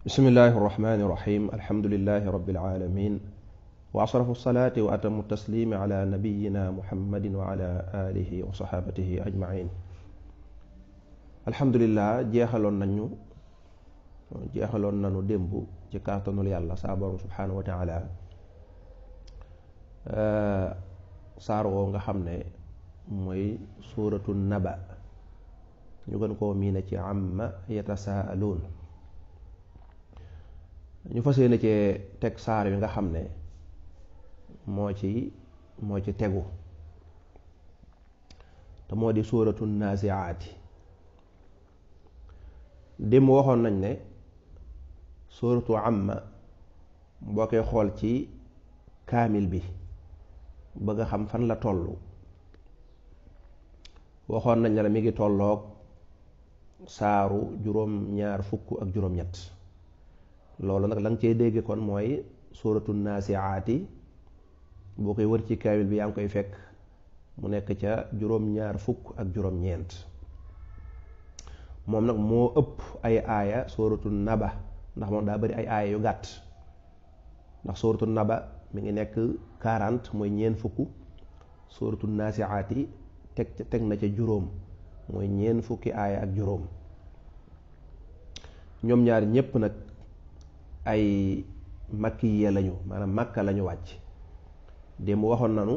bismillahi irrahmani irrahim alhamdulilahi rabilalamin wa ashrafu lsalaati atamu taslimi ala nabiyina muhammadin wa ala wa saxaabatihi ajmain alhamdulilah jeexaloon nañu nañu démb ci kàttanul yàlla saa borom wa taala saar woo nga xam ne mooy suuratu naba ñu gën koo miine ci amma yatasaaluun ñu fa yéene cee teg saar wi nga xam ne moo ci moo ci tegu te moo di suuratu naasiaati démb waxoon nañ ne suuratu amma boo koy xool ci kaamil bi bëgg a xam fan la tollu waxoon nañ ne mi ngi tolloog saaru juróom ñaar fukk ak juróom ñett loolu nag la nga cee dégg kon mooy suuratu naasiaati boo koy wër ci kaamil bi yaa ngi koy fekk mu nekk ca juróom-ñaar fukk ak juróom-ñeent moom nag moo ëpp ay aaya sóoratu naba ndax moom daa bari ay aaya yu gàtt ndax suuratu naba mi ngi nekk 40 mooy ñeent fukk suuratu naasiaati teg teg na ca juróom mooy ñeent fukki aaya ak juróom ñoom ñaar ñépp nag ay makkiya lañu maanaam makka lañu wàcc démb waxoon nanu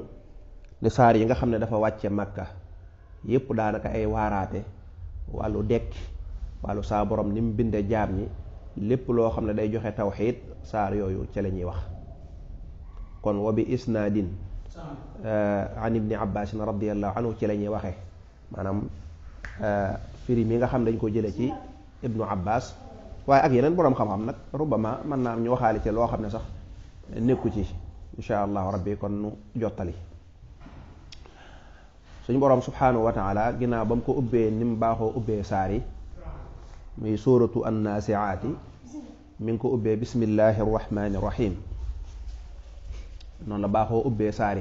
ne saar yi nga xam ne dafa wàcce makka yépp daanaka ay waaraate wàllu dekki wàllu saa boroom ni mu binde jaam ñi lépp loo xam ne day joxe tawxiid saar yooyu ca la ñuy wax kon wa bi isnaadin euh, an ibni abbasin radiallahu anhu ci la ñuy waxee maanaam euh, firi mi nga xam dañ ko jële ci ibnu abbas waaye ak yeneen boroom xam-xam nag rubama man naa am ñu waxaale ci loo xam ne sax nekku ci insha allah rabbi kon nu jottali suñu boroom subhanahu wa taala ba mu ko ubbee ni mu baaxoo ubbee saari muy suuratu annaasiaati mi ngi ko ubbee bismillahi rahmaani rahim noonu baaxoo ubbee saar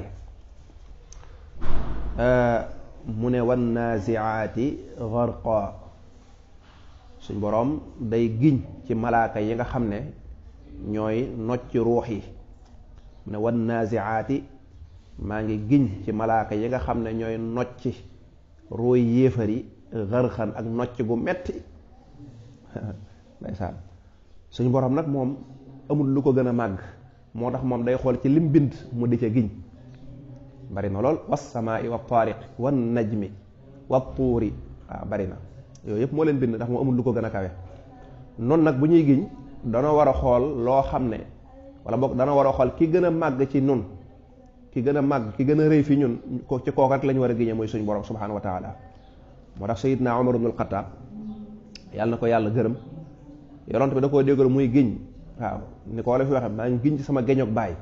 mu ne wannaasiaati garqa suñ boroom day giñ ci malaaka yi nga xam ne ñooy nocc ruux yi ne wan naziaati maa ngi giñ ci malaaka yi nga xam ne ñooy nocci ruuy yéefar yi xërxan ak nocc gu metti ndeysaan suñ boroom nag moom amul lu ko gën a màgg moo tax moom day xool ci lim bind mu di ca giñ bari na lool was samaa'i wa taariq wan najmi wa tuuri waaw yooyu yëpp moo leen bind ndax moo amul lu ko gën a kawe noonu nag bu ñuy giñ danoo war a xool loo xam ne wala boog danoo war a xool ki gën a màgg ci noon ki gën a màgg ki gën a rëy fi ñun ci kooku rek la war a giñee mooy suñu borom subhanahu wa taala moo tax sayidna Umar ibnul Xataab yàlla na ko yàlla gërëm yonent bi dakoo déggal muy giñ waaw ni koo wala fi waxe maa ngi giñ ci sama géñoog baay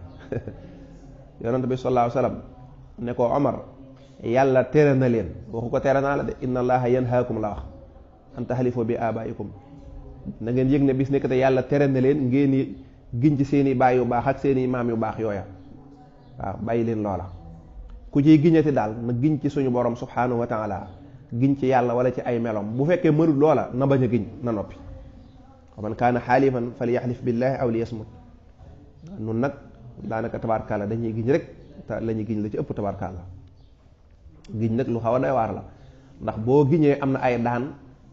yonent bi sallallahu alayhi wa sallam ne ko Omar yàlla tere na leen waxu ko tere naa la de inna allaha yanhaakum an taxalifoo bi abaayikum na ngeen yëg ne bis nekk te yàlla tere na leen ngeen giñ ci seeni i baay yu baax ak seen i maam yu baax yooya waaw bàyyi leen loola ku ciy giñati daal na giñ ci suñu borom subhanahu wa taala giñ ci yàlla wala ci ay melom bu fekkee mënul loola na bañ a giñ na noppi wa man kaana xaalifan fali yaxlif billaahi aw li yasmut nun nag daanaka tabaarkàlla dañuy giñ rek te lañuy ñuy giñ la ci ëpp tabaarkàlla giñ nag lu xaw a doy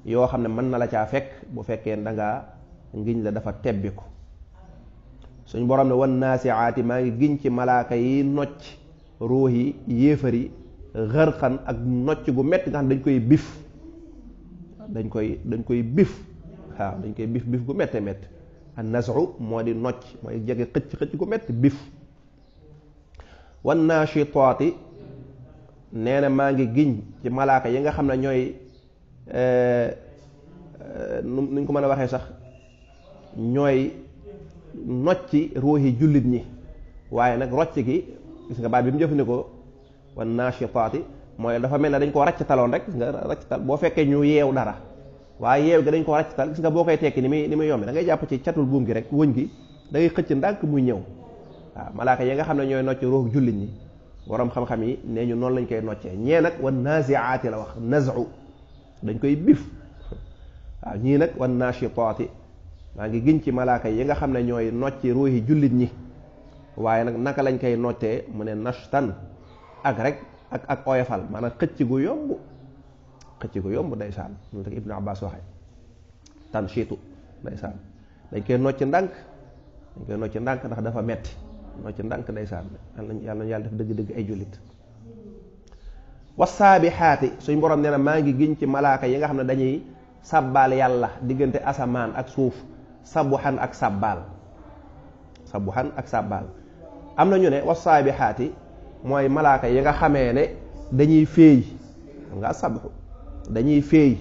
yoo xam ne mën na la caa fekk bu fekkee dangaa ngiñ la dafa tebbi ko suñ borom ne wan naasiaati maa ngi giñ ci malaaka yi nocc ruux yi yéefar yi xërxan ak nocc gu metti nga xam dañ koy bif dañ koy dañ koy bif dañ koy bif bif gu mette métti an nasu moo di nocc mooy jege xëcc xëcc gu metti bif wan naashitaati nee na maa ngi giñ ci malaaka yi nga xam ne ñooy Euh, euh, nuñ ko mën a waxee sax ñooy nocci ruuxi jullit ñi waaye nag rocc gi gis nga baat bi mu jëfandikoo wan naashitaati mooy dafa mel ne dañ koo racc taloon rek gis nga racc tal boo fekkee ñu yeew dara waaye yeew gi dañ koo racc tal gis nga boo koy tekki ni muy ni muy yombe da ngay jàpp ci catul buum gi rek wëñ gi da ngay xëcc ndànk ñëw waaw malaaka yi xam ne ñooy nocc ruux jullit ñi borom xam yi nee ñu noonu lañ koy noccee ñee nag wan naziaati la wax nazu dañ koy bif waaw ñii nag wan naashitaati maa ngi giñ ci malaaka yi nga xam ne ñooy nocci ruuxi jullit ñi waaye nag naka lañ koy noccee mu ne nashtan ak rek ak ak oyofal maanaam xëcc gu yomb xëcc gu yomb ndeysaan ñu teg ibnu abbas waxe tanshitu ndeysaan dañ koy nocc ndànk dañ koy nocc ndànk ndax dafa metti nocc ndànk ndeysaan yàlla nañ yàlla def dëgg-dëgg ay jullit wasaabixaati suñ borom nee na maa ngi giñ ci malaaka yi nga xam ne dañuy sabbaal yàlla diggante asamaan ak suuf sabuxan ak sabbaal sabuxan ak sabbaal am na ñu ne wasaabixaati mooy malaaka yi nga xamee ne dañuy féey xam nga sabxu dañuy féey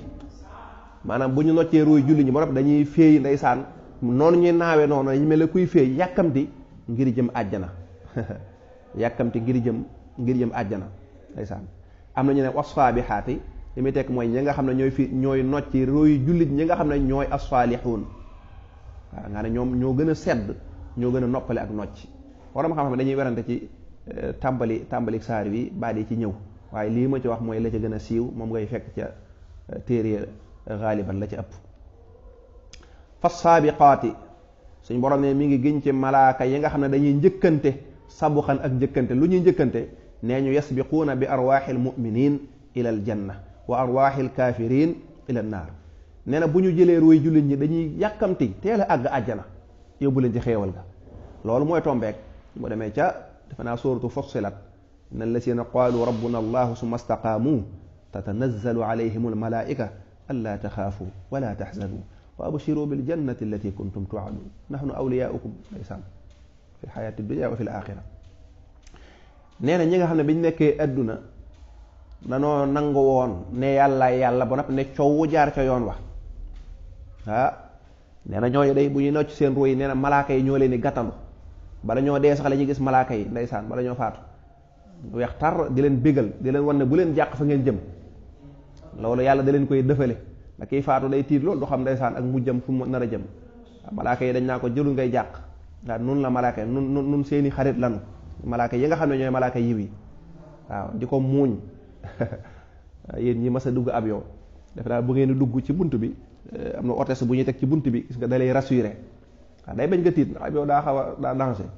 maanaam bu ñu noccee ruuy julli ñi ba noppi dañuy féey ndeysaan noonu ñuy naawe noonu ñu mel ne kuy féey yàkkamti ngir jëm àjjana yàkkamti ngir jëm ngir jëm àjjana ndeysaan am na ñu ne wasfaabixaati li muy tekk mooy ñi nga xam ne ñooy fi ñooy nocci royu jullit ñi nga xam ne ñooy asfaalixuun waaw nga ne ñoom ñoo gën a sedd ñoo gën a noppale ak nocc waram xam-xam dañuy werante ci eh, tàmbali tàmbali saar bi baat yi ci ñëw waaye lii ma ci wax mooy la ci gën a siiw moom ngay fekk ca eh, téere xaaliban eh, la ci ëpp fa saabiqaati suñ borom ne mi ngi giñ ci malaaka yi nga xam ne dañuy njëkkante sabuxan ak njëkkante lu ñuy njëkkante nee ñu yasbiquuna bi arwaaxil muminin ila al janna wa arwaaxil kaafirin ila naar nee na bu ñu jëlee ruuy jullit ñi dañuy yàkkamti teel a àgg àjjana yóbbu leen ci xéewal ga loolu mooy tombeek mu demee ca defe naa suuratu Fussilat na allazina qaalu rabbuna allahu summa staqaamu tatanazzalu alayhim almalaaika allaa taxaafu wala taxzanu wa abshiru biljannati allati kuntum tuadun nahnu awliyaukum ndeysaan fi lxayaati dunya wa fi l axira nee na ñi nga xam ne bi ñu nekkee àdduna danoo nangu woon ne yàlla yàlla ba noppi ne coow jaar ca yoon wa ah nee na ñooñu day bu ñu nocc seen ruuy nee na malaaka yi ñoo leen di gàttandu bala ñoo dee sax la ñuy gis malaaka yi ndeysaan bala ñoo faatu weex tar di leen bégal di leen wan ne bu leen jàq fa ngeen jëm loolu yàlla da leen koy dëfale da kiy faatu day tiit loolu du xam ndeysaan ak mu jëm fu mu nar a jëm malaaka yi dañ naa ko jëlu ngay jàq waaw nun la malaaka seeni xarit lanu malaaka yi nga xam ne ñooy malaaka yiw yi waaw di ko muuñ yéen ñi mas a dugg avion dafa daal bu ngeen dugg ci bunt bi eh, am na ortese bu ñuy teg ci bunt bi gis nga da lay rassuré day bañ nga tiit ndax daa xaw a daa danger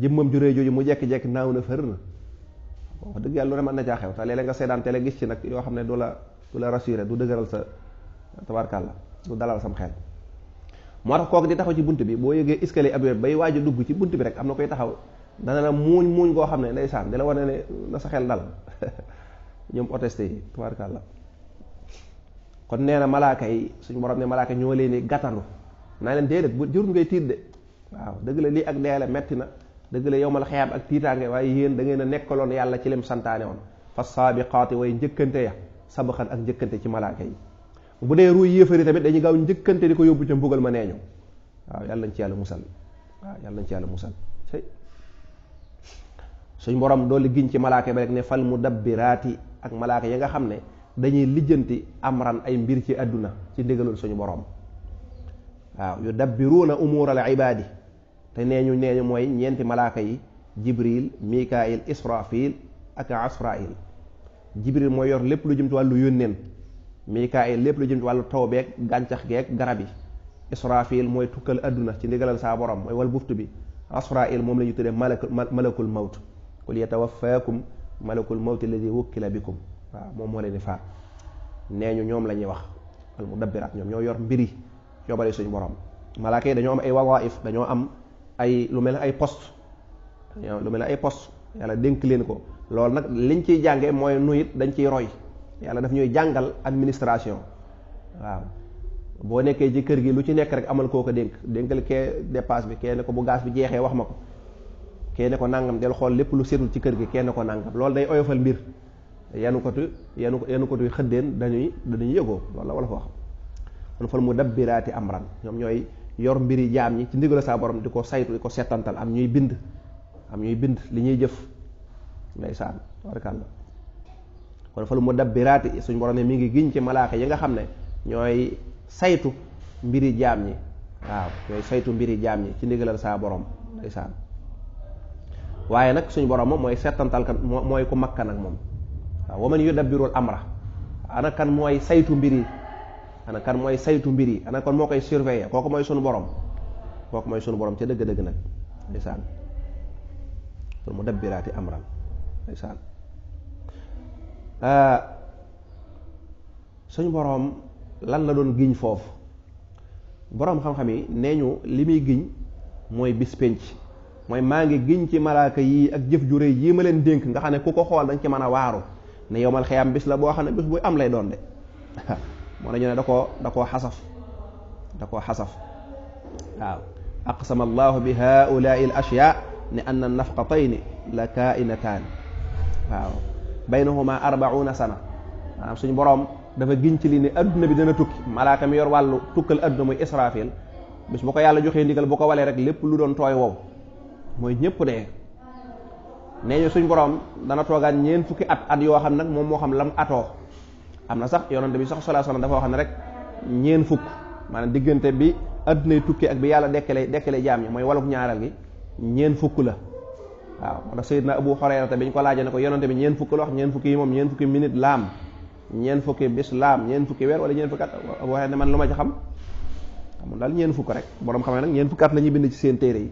jëmmam ju rëy mu jekki-jekki naaw na fër na wax dëgg yàlla lu mën na caa xew te léeg-léeg nga gis ci nag yoo xam ne du la la rassuré du dëgëral sa tabarkàlla du dalal sam xel moo tax kooku di taxaw ci bunt bi boo yëgee escalier avion bay waaj a dugg ci bunt bi rek am na koy taxaw dana la muuñ muuñ goo xam ne ndeysaan di la wane ne na sa xel dal ñoom oteste yi tubaarkàlla kon nee na malaaka yi suñ borom ne malaaka ñoo leen di naa leen déedéet bu jurut ngay tiit de waaw dëgg la lii ak dee metti na dëgg la yow mal xeyaam ak tiitaange waaye yéen da ngeen nekkaloon yàlla ci lim santaane woon fa saabiqaati way njëkkante ya sabaxan ak njëkkante ci malaaka yi bu dee ruuy yéefari tamit dañu gaaw njëkkante di ko yóbbu ca mbugal ma nee ñu waaw yàlla nañ yàlla musal waaw yàlla nañ suñ borom doolu giñ ci malaaka bi rek ne fal mu dabbiraati ak malaaka yi nga xam ne dañuy lijjanti amran ay mbir ci àdduna ci ndigalul suñu borom waaw yu dabbiruuna umuural ibaadi te neeñu neeñu mooy ñeenti malaaka yi jibril mikail israfil ak asrail jibril yor lépp lu jëm ci wàllu yónneen mikail lépp lu jëm wàllu taw beeg gàncax geeg garab yi israfil mooy tukkal àdduna ci ndigalal saa borom mooy wal buftu bi asrail moom la ñu tuddee malakul mawt qul yatawafaakum malakul mawti alladi wukkila bikum waaw moom moo leen di nee ñu ñoom la ñuy wax al mudabbiraat ñoom ñoo yor mbiri yobari suñu borom malaaka yi dañoo ay wawaif dañoo am ay lu mel ne ay post lu mel ne ay post yàlla dénk leen ko loolu nag liñ ciy jànge mooy nu dañ ciy roy yàlla daf ñuy jàngal administration waaw boo nekkee ci kër gi lu ci nekk rek amal koo ko dénk dénkal kee dépasse bi kee ne ko bu gaas bi jeexee wax ma ko kenn ko nangam del xool lépp lu setul ci kër gi kenn ko nangam loolu day oyofal mbir yanu kotu yanu yanu kotu xëddeen dañuy dañuy yëgoo loolu la wala fa wax kon mu dabbiraati amran ñoom ñooy yor mbiri jaam ñi ci ndigal saa borom di ko saytu ko settantal am ñuy bind am ñuy bind li ñuy jëf ndeysaan kon fal mu dabbiraati suñ borom ne mi ngi giñ ci malaaka yi nga xam ne ñooy saytu mbiri jaam ñi waaw ñooy saytu mbiri jaam ñi ci ndigalal saa borom ndeysaan waaye nag suñu borom moom mooy seetantalkat mooy ku makkan ak moom waaw waman yudabbirul amra ana kan mooy saytu mbir yi ana kan mooy saytu mbir yi ana kan moo koy surveiller kooku mooy suñu borom kooku mooy suñu borom ca dëgg-dëgg nag ndeysaan pour mu dabbiraati amran ndeysaan euh, boroom lan la doon giñ foofu boroom xam-xam yi nee ñu li muy giñ mooy bis pénc mooy maa ngi giñ ci malaaka yii ak jëf ju rëy yii ma leen dénk nga xam ne ku ko xool dañ ci mën a waaru ne yowmal xiyam bis la boo xam ne bis am lay doon de moo nañu ne da da koo xasaf da koo xasaf waaw aqsama allahu bi haulaai al ashya ne anna nafqatayni la kainataan waaw baynahuma arbauna sana maanaam suñu borom dafa giñ ci li ne adduna bi dana tukki malaaka mi yor wàllu tukkal adduna muy israfil bis bu ko yàlla joxee ndigal bu ko walee rek lépp lu doon tooy wow mooy ñëpp dee nee ñu suñ borom dana toogaat ñeent fukki at at yoo xam nag moom moo xam lam atoo am na sax yonante bi sax sallallahu alayhi wasallam dafa wax ne rek ñeent fukk maanaam diggante bi addunay tukki ak bi yàlla dekkale dekkale jaam ñi mooy waluk ñaareel gi ñeent fukk la waaw moo tax Seydina Abu ko laajee ko yonante bi ñeent fukk la wax ñeent fukki yi moom ñeent fukki minute laam ñeent fukki bis laam ñeent fukki weer wala ñeent fukki at man lu ma ci xam xamul daal ñeent fukk rek borom xamee ne nag ñeent fukki at la ñuy bind ci seen téere yi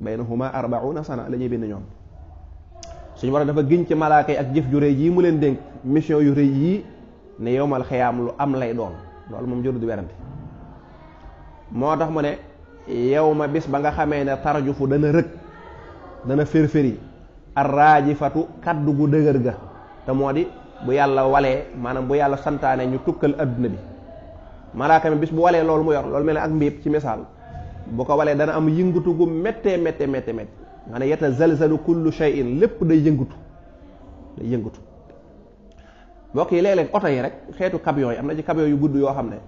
na baynahuma arbauna sana la ñuy bind ñoom suñu war dafa giñ ci malaaka yi ak jëf ju rëy jii mu leen dénk mission yu rëy yii ne yowmal xiyaam lu am lay doon loolu moom jëru du werante moo tax mu ne yow ma bis ba nga xamee ne tarjufu dana rëg dana férféri arraajifatu kaddu gu dëgër ga te moo di bu yàlla walee maanaam bu yàlla santaane ñu tukkal adduna bi malaaka mi bis bu walee loolu mu yor loolu mel ne ak mbiib ci misaal bu ko walee dana am yëngatu gu méttee méttee méttee méttee nga ne yeta zalzalu kullu shay'in lépp day yëngatu day yëngatu mbokk yi léeg-léeg oto yi rek xeetu camion yi am na ci camion yu gudd yoo xam ne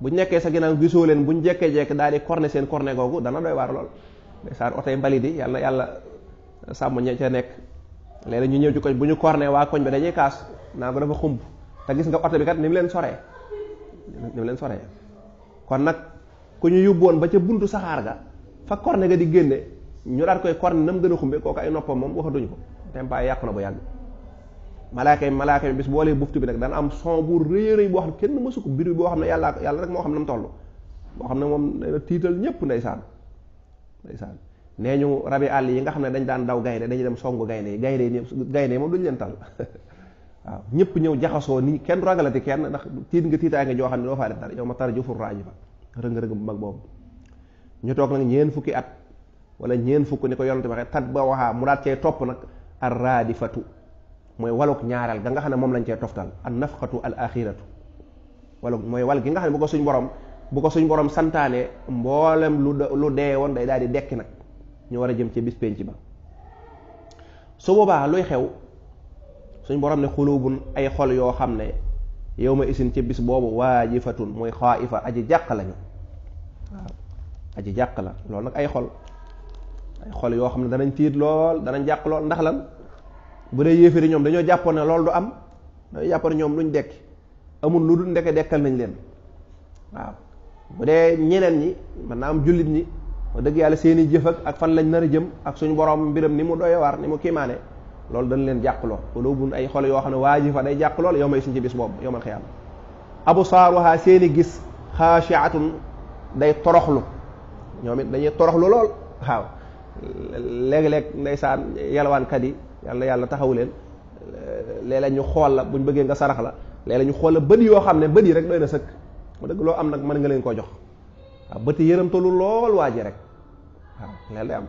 bu nekkee sa ginnaaw gisoo leen bu jekkee-jekk daal di corné seen corné googu dana doy waar lool ndeysaan oto yi mbalit yi yàlla yàlla sàmm ña ca nekk léeg-léeg ñu ñëw ci koñ bu ñu corné waa koñ bi dañuy kaas naa ko dafa xumb te gis nga oto bi kat ni leen soree leen soree ku ñu yóbbu woon ba ca buntu saxaar ga fa corne ga di génne ñu daal koy corne nam gën a xumbe kooku ay noppam moom wax waxatuñu ko tempaay yàqu na bu yàgg malaaka yi malaaka yi bis boolee buftu bi nag dana am son bu rëy rëy boo xam kenn mësu ko biir bi boo xam ne yàlla yàlla rek moo xam ne mu toll boo xam ne moom dana tiital ñëpp ndeysaan ndeysaan nee ñu rabi àll yi nga xam ne dañ daan daw gaynde dañuy dem songu gaynde yi gaynde yi gaynde yi moom duñu leen tal waaw ñëpp ñëw jaxasoo ni kenn ragalati kenn ndax tiit nga tiitaay nga joo xam ne doo faa def ma tar jufur raaji ba rëng-rëng bu mag boobu ñu toog nag ñeen fukki at wala ñeen fukk ni ko yonante waxee tat ba waxaa mu daat cee topp nag ar raadifatu mooy waluk ñaaral ga nga xam ne moom lañ cee toftal an nafxatu al axiratu waluk mooy wal gi nga xam ne bu ko suñ borom bu ko suñ borom santaane mboolem lu lu dee woon day daal di dekki nag ñu war a jëm ci bis penc ba su boobaa luy xew suñ borom ne xulubun ay xol yoo xam ne yow ma isin ci bis boobu waajifatun muy xaaifa aji jàq lañu waaw aji jàq la loolu nag ay xol ay xol yoo xam ne danañ tiit lool danañ jàq lool ndax lan bu dee yéeféri ñoom dañoo jàppoon ne loolu du am dañoo jàppoon ñoom luñ dekki amul lu dul ndeke dekkal nañ leen waaw bu dee ñeneen ñi man naa am jullit ñi wax dëgg yàlla seeni jëf ak fan lañ nar a jëm ak suñu borom mbiram ni mu doy waar ni mu kiimaane loolu dañu leen jàqloo xulubun ay xol yoo xam ne waajifa day jàq lool yow may suñ ci bis boobu yow mal xiyaam absaaruha seeni gis xaashiatun day toroxlu ñoom it dañuy toroxlu lool waaw léeg ndeysaan yalwaankat yi yàlla yàlla taxawu leen léeg-léeg ñu xool la buñ bëggee nga sarax la léeg-léeg xool la bët yoo xam ne bët yi rek doy na sëkk mu dëgg loo am nag mën nga leen koo jox bët yi yërëmtalu lool waa ji rek waaw am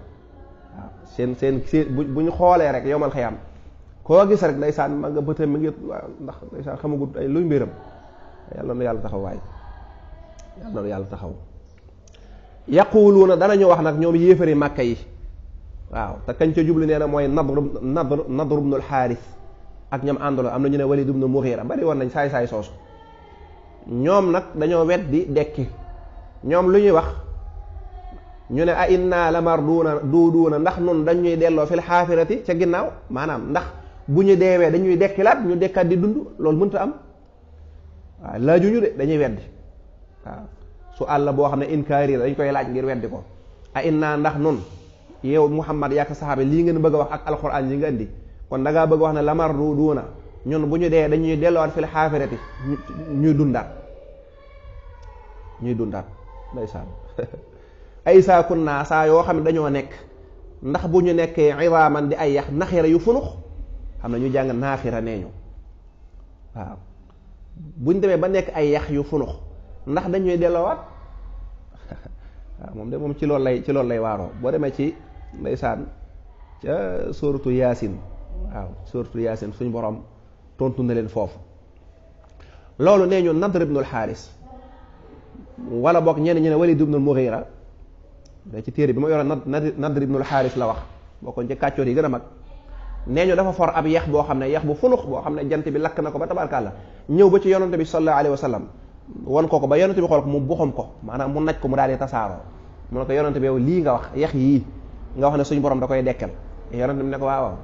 waaw seen seen seen bu ñu xoolee rek yomal xëyam koo gis rek ndeysaan ma nga bëtam mi ngi ndax ndeysaan xamagut ay luy mbiram yàlla na yàlla taxaw waay yàlla na yàlla taxaw wax nag ñoom yéefari màkka yi waaw te kañ ca jubli nee na mooy nadru nadru nadru bnul xaaris ak ñoom àndaloo am na ñu ne walid ibnu muxiira bari woon nañ saay saay soosu ñoom nag dañoo weddi dekki ñoom lu ñuy wax ñu ne a inna la mar duuna duuduuna ndax nun dañuy delloo fil xaafirati ca ginnaaw maanaam ndax bu ñu deewee dañuy dekkilaat ñu dekkaat di dund loolu mënta am waaw laajuñu de dañuy weddi waaw su àll boo xam ne inkaari la koy laaj ngir weddi ko a inna ndax nun yow Muhammad yàkk saxaaba lii ngeen bëgg a wax ak alxuraan yi nga indi kon da ngaa bëgg wax ne lamar du duuna ñun bu ñu dee dañuy delluwaat fil xaafirati ñuy dundaat ñuy dundaat ndeysaan ay saakun naa saa yoo xam ne dañoo nekk ndax bu ñu nekkee iwaaman di ay yax naxira yu funux xam na ñu jàng naaxira nee ñu waaw bu ñu demee ba nekk ay yax yu funux ndax dañuy delloowaat waaw moom de moom ci lool lay ci loolu lay waaroo boo demee ci ndeysaan ca sóoratu yaasin waaw sóoratu yaasin suñ borom tontu na leen foofu loolu nee ñu nadr ibnul xaaris wala boog ñenn ñu ne walid ibnul mughira da ci téere bi ma yoroon Nadr Nadr ibnul Xaaris la wax bokkoon ci kàccoor yi gën a mag nee ñu dafa for ab yeex boo xam ne yeex bu funux boo xam ne jant bi lakk na ko ba tabarkàlla ñëw ba ci yonante bi sallallahu alayhi wa sallam wan ko ko ba yonante bi xool ko ko maanaam mu naj ko mu daal di tasaaroo mu ne ko yonante bi lii nga wax yeex yii nga wax ne suñu borom da koy dekkal yonante bi ne waaw waaw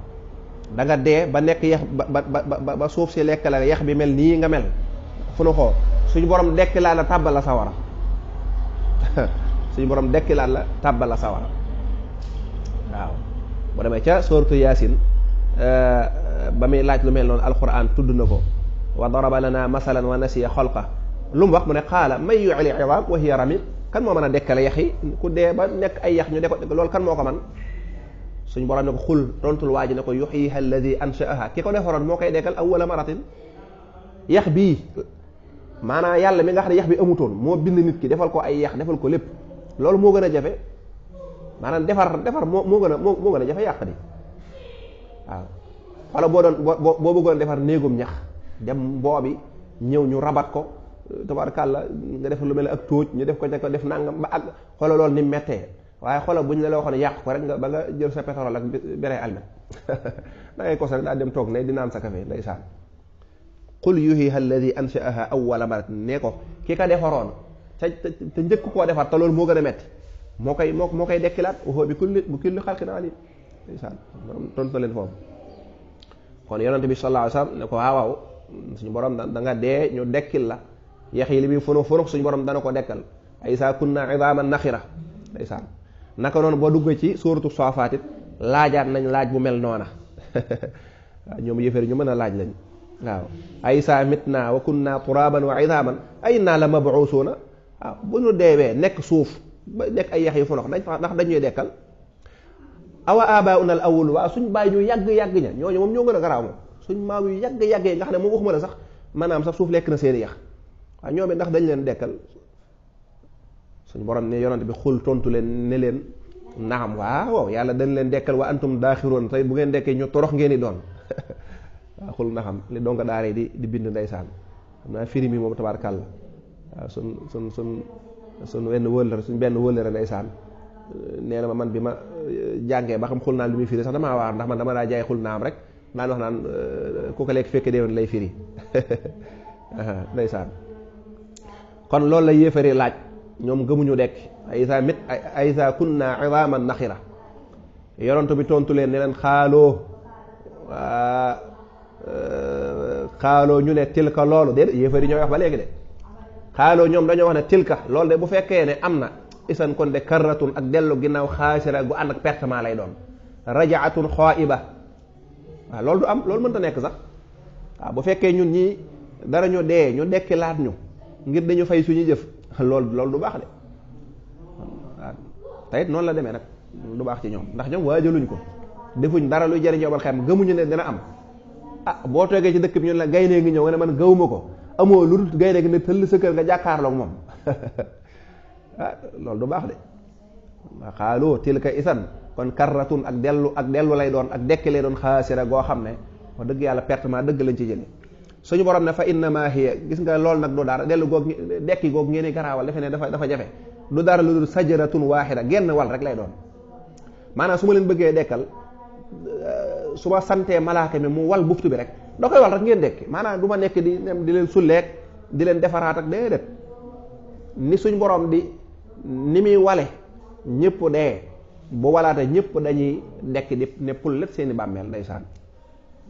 da dee ba nekk yeex ba ba ba suuf si lekk la yeex bi mel nii nga mel funuxoo suñu borom dekk laa la tàbbal la sawara suñu borom dekkilaat la tàbbal la sawara waaw bu demee ca sooratu yaasin euh, ba muy laaj lu mel noonu alquran tudd na ko wa daraba lana masalan wa nasiya xolqa lu mu wax mu ne xaala may yuxli idaam wa hiya ramim kan moo mën a dekkale yax yi ku dee ba nekk ay yax ñu de ko kan moo ko man suñu borom ko xul tontul waa ji ko yuxyiha alladi anshaaha ki ko defaroon moo koy dekkal awwala maratin yax bii maanaam yàlla mi nga xam ne yax bi amutoon moo bind nit ki defal ko ay yax defal ko lépp loolu moo gën a jafe maanaam defar defar moo moo gën a a jafe yàq di waaw wala boo doon boo boo bëggoon defar néegum ñax dem mboobi ñëw ñu rabat ko tabaarkàlla nga def lu mel ak tóoj ñu def ko ca def nangam ba ak xoola loolu ni mettee waaye xoola bu ñu la la waxoon yàq ko rek nga ba nga jël sa pétrole ak bere almet da ngay kos rek daal dem toog ne di naan sa café ndeysaan qul yuhiha alladi anshaaha awwala marat ne ko ki ka defaroon te njëkk koo defar te loolu moo gën a metti moo koy moo moo koy dekkilaat waxoo bi kulli bu kulli xalqin alim ndeysaan tontu na leen foofu bi sallallahu ne ko waaw suñu borom da nga dee ñu la yax yi li muy funu funu borom dana ko dekkal ay saa kunna idaaman naxira ndeysaan naka noonu boo duggee ci suuratu Saafaat laajaat nañ laaj bu mel noona waaw ñoom mën a laaj lañ waaw ay saa mitna wa kunna turaban wa idaaman ay naa la mabuusuuna ah bu nu deewee nekk suuf ba nekk ay yax yi folox dañ fa ndax dañuy dekkal awa abaauna al awul waa suñ bàyyi ñu yàgg-yàgg ña ñooñu moom ñoo gën a garaaw moom suñ maam yu yàgg-yàggee nga xam ne moom waxuma la sax maanaam sax suuf lekk na seeni yax waaw ñoom ndax dañ leen dekkal suñ borom ne yonante bi tontu leen ne leen naam waaw yàlla dañ leen dekkal wa antum daaxiroon tey bu ngeen dekkee ñu torox ngeen di doon waaw xul naxam li donga daaree di di bind ndeysaan xam naa firi mi suñ suñ suñ sun sun wenn wëllëre suñ benn wëllëre ndeysaan saan na ma man bi ma eh, jàngee ba xam xul naam li muy firi sax damaa waar ndax man dama daa jaay xul naam rek naan wax naan eh, ku ko lay firi ndeysaan kon loolu la yéefari laaj ñoom gëmuñu dekk aysa mit aysa kunna idaaman naxira yoronto bi tontu leen ne xaaloo eh, xaaloo ñu ne tilka loolu déedéet yéefari ñooy wax ba léegi de xaaloo ñoom dañoo wax ne tilka lool de bu fekkee ne am na isan kon de karratun ak dellu ginnaaw xaasira gu ànd ak pertement lay doon rajaatun xaa'iba waaw loolu du am loolu mënta nekk sax waaw bu fekkee ñun ñi dara ñu dee ñu dekki laat ñu ngir dañu fay suñu jëf lool lool du baax de tayit noonu la demee nag du baax ci ñoom ndax ñoom waajaluñ ko defuñ dara luy jëriñ yobal xam gëmuñu ne dina am ah boo toogee ci dëkk bi ñun la gaynde ngi ñëw nga ne man gawuma ko amoo lu dul gaynde gi ne tëll sa kër nga jàkkaarloog moom ah loolu du baax de xaaloo tilka isan kon kar karratun ak dellu ak dellu lay doon ak dekk lay doon xaasira goo xam ne wax dëgg yàlla pertement dëgg lañ ci jëlee suñu borom ne fa innama hiya gis nga loolu nag du daar dellu goog dekki goog ngeen garaawal defe ne dafa dafa jafe du dara lu dul sajaratun waaxida genn wal rek lay doon maanaam su ma leen bëggee dekkal euh, su ma santee malaaka mi mu wal buftu bi rek da koy wal rek ngeen dekki maanaam du ma nekk di di leen sulleeg di leen defaraat ak déedéet ni suñ boroom di ni muy wale ñëpp dee bu walaatee ñëpp dañuy dekki di ne pul lépp seeni bàmmeel ndeysaan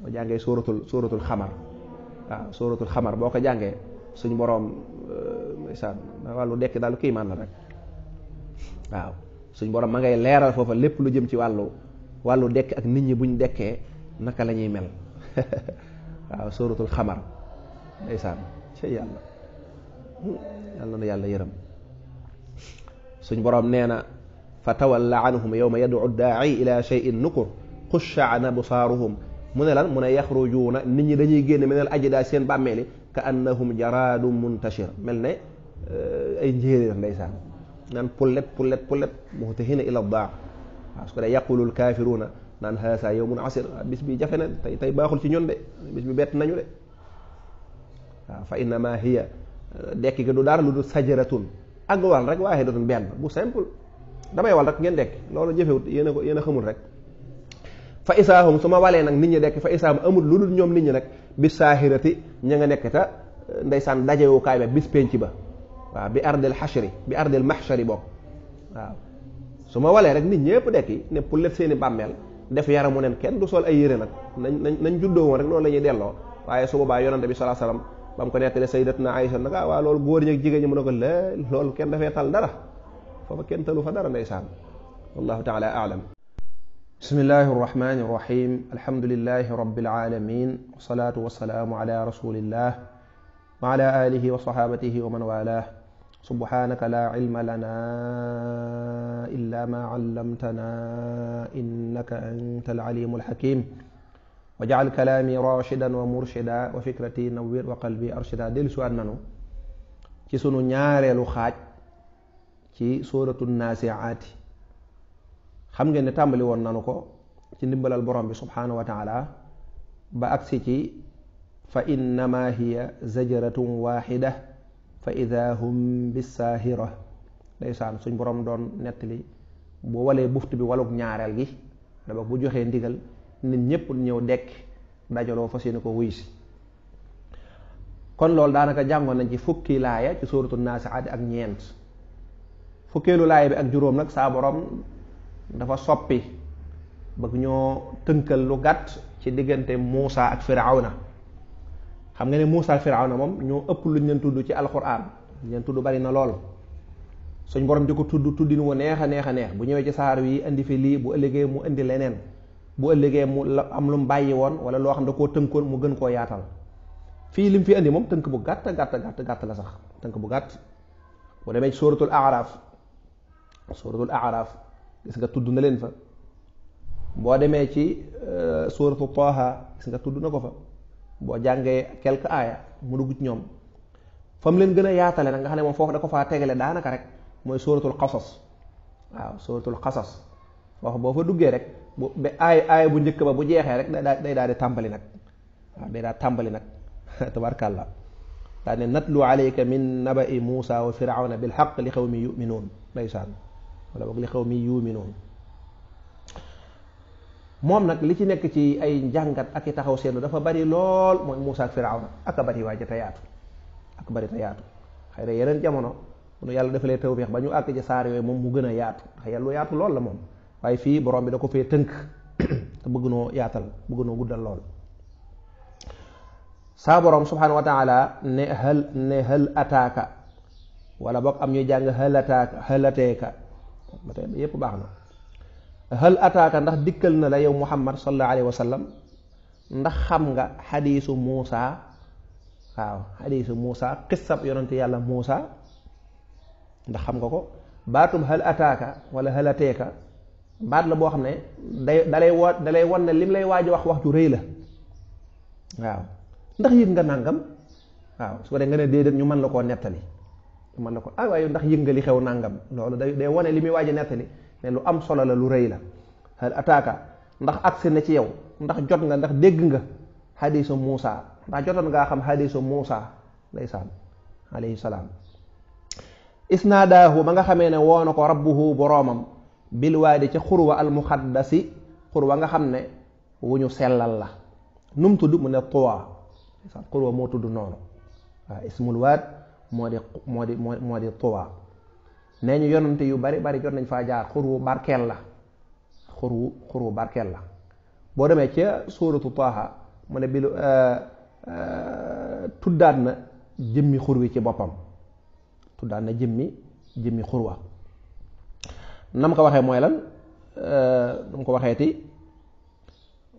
boo jàngee sóoratul sóoratul xamar waaw sóoratul xamar boo ko jàngee suñ boroom euh, ndeysaan wàllu dekki daal kii man la rek waaw suñ borom ma ngay leeral foofa lépp lu jëm ci wàllu wàllu dekk ak nit ñi buñ dekkee naka lañuy mel waaw sóoratul xamar ndeysaan ci yàlla yàlla yàlla yërëm suñ boroom nee na fa tawalla anhum yowma yad'u daa'i ila shay'in nukur xushaan absaaruhum mu ne lan mu ne yaxrujuuna nit ñi dañuy génn minal ajdaa seen bàmmeeli ka annahum jaraadun muntashir mel ne euh, ay njéeréer ndeysaan naan pullet pullet pullet muhtahina ila daa waaw su ko dee yaqulu naan xaasaa yow mun asir ah, bis bi jafe na tey tey baaxul ci ñoom de bis bi bett nañu de waaw fa innama hiya eh, dekki gi du dara lu dul sajaratun ak wal rek waaye dootul benn bu simple damay wal rek ngeen dekk loolu jëfewut yéen a ko yéen xamul rek fa isaahum su ma walee nag nit ñi dekk fa isaahum amul lu dul ñoom nit ñi rek bis saahirati ña nga nekk ta eh, ndeysaan dajewukaay ba bis penc ba waaw bi ardil xashri bi ardil maxshari bokk waaw su ma walee rek nit ñëpp dekki ne pour lef bàmmeel def yaramu neen kenn du sol ay yére nag nañ nañ juddoo woon rek noonu la ñuy delloo waaye su boobaa yonante bi sallallahu alayhi wasallam ba mu ko nettali sayyidatuna Aisha nag ah waa loolu góor ñi ak jigéen ñi mu ne ko lée loolu kenn dafay tal dara foofa kenn talu fa dara ndeysaan wallahu taala aalam bismillahi arrahmani irrahim alhamdulilahi rabbil alamin wasalaatu wasalaamu ala rasulillah wa ala alihi wa sahabatihi wa man walah subhanaka laa cilma lanaa illaa maa callamtanaa innaka anta alcaliimu alxakiim wajcal kalaami raashidan wa murshida wa fikrati nawwir wa qalbi arshida dellu si nanu ci sunu ñaareelu xaaj ci suuratu naasiaati xam ngeen ne tàmbali woon nanu ko ci ndimbalal borom bi subhaanahu wa taala ba agsi ci fa innamaa hiya zajratun waaxida fa ida hum bisaahira ndeysaan suñ borom doon nettali bu walee buft bi waluk ñaareel gi daba bu joxee ndigal nit ñépp ñëw dekk dajaloo fas yéene ko wuy si kon loolu daanaka jàngoon nañ ci fukki laaya ci sóoratu naasiaati ak ñeent fukkeelu laaya bi ak juróom nag saa borom dafa soppi bëgg ñoo tënkal lu gàtt ci diggante Muusa ak Firawna xam nga ne Moussa na moom ñoo ëpp luñ leen tudd ci alxuraan luñ leen tudd bari na lool suñ borom di ko tudd tuddin wu neex a neex neex bu ñëwee ci saar wi indi fi lii bu ëllëgee mu indi leneen bu ëllëgee mu la am lu mu bàyyi woon wala loo xam ne koo tënkoon mu gën koo yaatal fii lim fi indi moom tënk bu gàtt gàtt gàtt gàtt la sax tënk bu gàtt bu demee ci sóoratul aaraaf sóoratul aaraaf gis nga tudd na leen fa boo demee ci euh, sóoratu Taaha gis nga tudd na ko fa boo jàngee quelque aaya mu dugg ñoom fa mu leen gën a yaatale nag nga xam ne moom foofu da ko faa tegale daanaka rek mooy sóoratul xasas waaw sóoratul xasas foofu boo fa duggee rek bu ba aay aaya bu njëkk ba bu jeexee rek day day daal di tàmbali nag waaw day daal tàmbali nag tabarkàllah daa ne natlu alayka min naba'i Muusa wa firawna bil xaq li xaw mi yuminuun ndeysaan wala boog li xaw mi yuminuun moom nag li ci nekk ci ay njàngat ak i taxaw seetlu dafa bari lool mooy Muusa ak Firawna ak a bari waaj a tayaatu ak bari ta yaatu xëy yeneen jamono bunu yàlla defalee tawfeex ba ñu àgg ci saar yooyu moom mu gën a yaatu ndax yàlla yaatu lool la moom waaye fii borom bi da ko fee tënk bëgg noo yaatal bëgg noo guddal lool saa borom subhanahu wa ne hal ne hal ataaka wala boog am ñuy jàng hal ataaka hal ateeka ba tey yépp baax na hal ataaka ndax dikkal na la yow muhammad sallallahu alayhi wa sallam ndax xam nga xadiisu muusa waaw xadiisu muusa xissab yonante yàlla muusa ndax xam nga ko baatum hal ataaka wala hal ateeka baat la boo xam ne day dalay wa dalay wan ne lim lay waaj wax wax ju rëy la waaw ndax yëg nga nangam waaw su ko dee nga ne déedéet ñu mën la koo nettali ñu mën la ko ah waaye ndax yëg nga li xew nàngam loolu day day wane li muy waaj a nettali te lu am solo la lu rëy la hal ataaka ndax agsi na ci yow ndax jot nga ndax dégg nga xadiisu Muusa ndax jotoon ngaa xam xadiisu Muusa ndeysaan alayhi salaam isnaadaahu ba nga xamee ne woona ko rabbuhu boroomam bilwaadi ci xurwa almuxaddasi xurwa nga xam ne wu ñu sellal la num tudd mu ne tuwa xurwa moo tudd noonu waaw ismul waad moo di moo di moo di tuwa nee ñu yonante yu bari bari jot nañ faa jaar xur wu barkeel la xur wu xur wu barkeel la boo demee ca suuratu Taaha mu ne bilu euh, euh, tuddaat na jëmmi xur wi ci boppam tuddaat na jëmmi jëmmi xur wa nam ko waxee mooy lan euh, nam ko waxee ti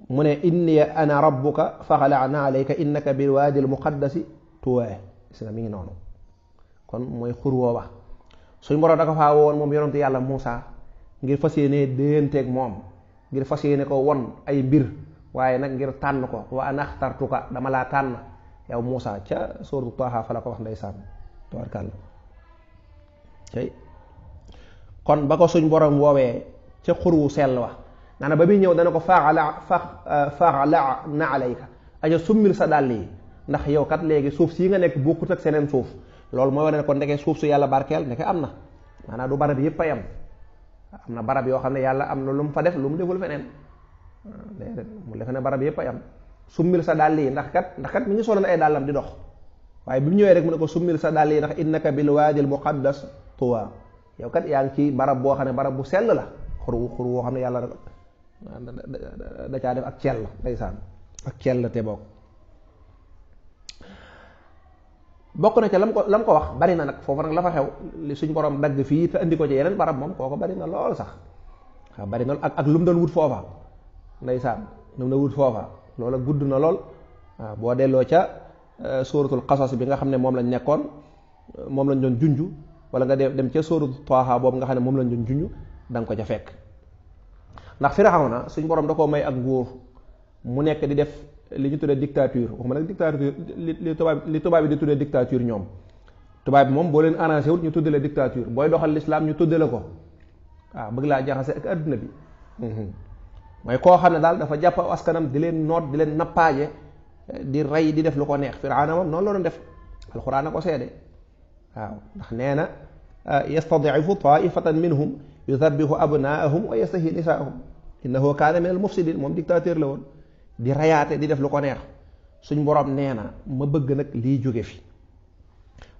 mu ne inni ana rabbuka faxala'na alayka innaka bi waadil muqaddasi tuwaa gis nga mi ngi noonu kon mooy xur woowa suñ borom da ko faa woon moom yonante yàlla Muusa ngir fas yéene déenteeg moom ngir fas yéene ko won ay mbir waaye nag ngir tànn ko wa ana axtartuka dama laa tànn yow Muusa ca sóortu Taaha fa ko wax ndeysaan tabarkàlla tey kon ba ko suñ borom woowee ca xurwu sell wa naa na ba muy ñëw dana ko faaxala faaxala na alayka aja summil sa dàll yi ndax yow léegi suuf sii nga nekk bokkut ak seneen suuf loolu mooy wane ne kon ndeke suuf su yàlla barkeel ndeke am na maanaam du barab yëpp a yem am na barab yoo xam ne yàlla am na lu mu fa def lu mu deful feneen mu defe ne barab yëpp a yem summil sa dàll yi ndax kat ndax kat mi ngi soloon ay dàllam di dox waaye bi mu ñëwee rek mu ne ko summil sa dàll yi ndax innaka bil waadil muqaddas tuwa yow kat yaa ngi ci barab boo xam ne barab bu sell la xur xur woo xam ne yàlla da da def ak cell ndeysaan ak cell te bokk bokk na ca lam ko lam ko wax bari na nag foofu nag la fa xew li suñ borom dagg fii te indi ko ci yeneen barab moom ko bari na lool sax waaw bari na ak ak lu mu doon wut foofa ndeysaan lu mu wut foofa loola gudd na lool boo delloo ca euh, sóoratul xasas bi nga xam ne moom lañ nekkoon euh, moom lañ doon junj wala nga dem ca sóoratul taaha boobu nga xam ne moom lañ doon junj da nga ko ca fekk ndax na suñ borom da koo may ak nguur mu nekk di def li ñu tuddee dictature waxuma nag dictature li li tubaab li tubaab yi di tuddee dictature ñoom tubaab moom boo leen arrangé wut ñu tuddee la dictature booy doxal lislaam ñu tuddee la ko waaw bëgg laa jaxase ak adduna bi mhm. mooy koo xam ne daal dafa jàpp aw askanam di leen noot di leen nappaaje di rey di def lu ko neex firaana moom noonu la doon def alxuraan a ko seede waaw ndax nee na ah, yastadifu taifatan minhum yudabihu abnaahum wa yastahi nisaahum innahu kaana min al mufsidin moom dictateur la woon di rayaate di def lu ko neex suñ boroom nee na ma bëgg nag lii jóge fi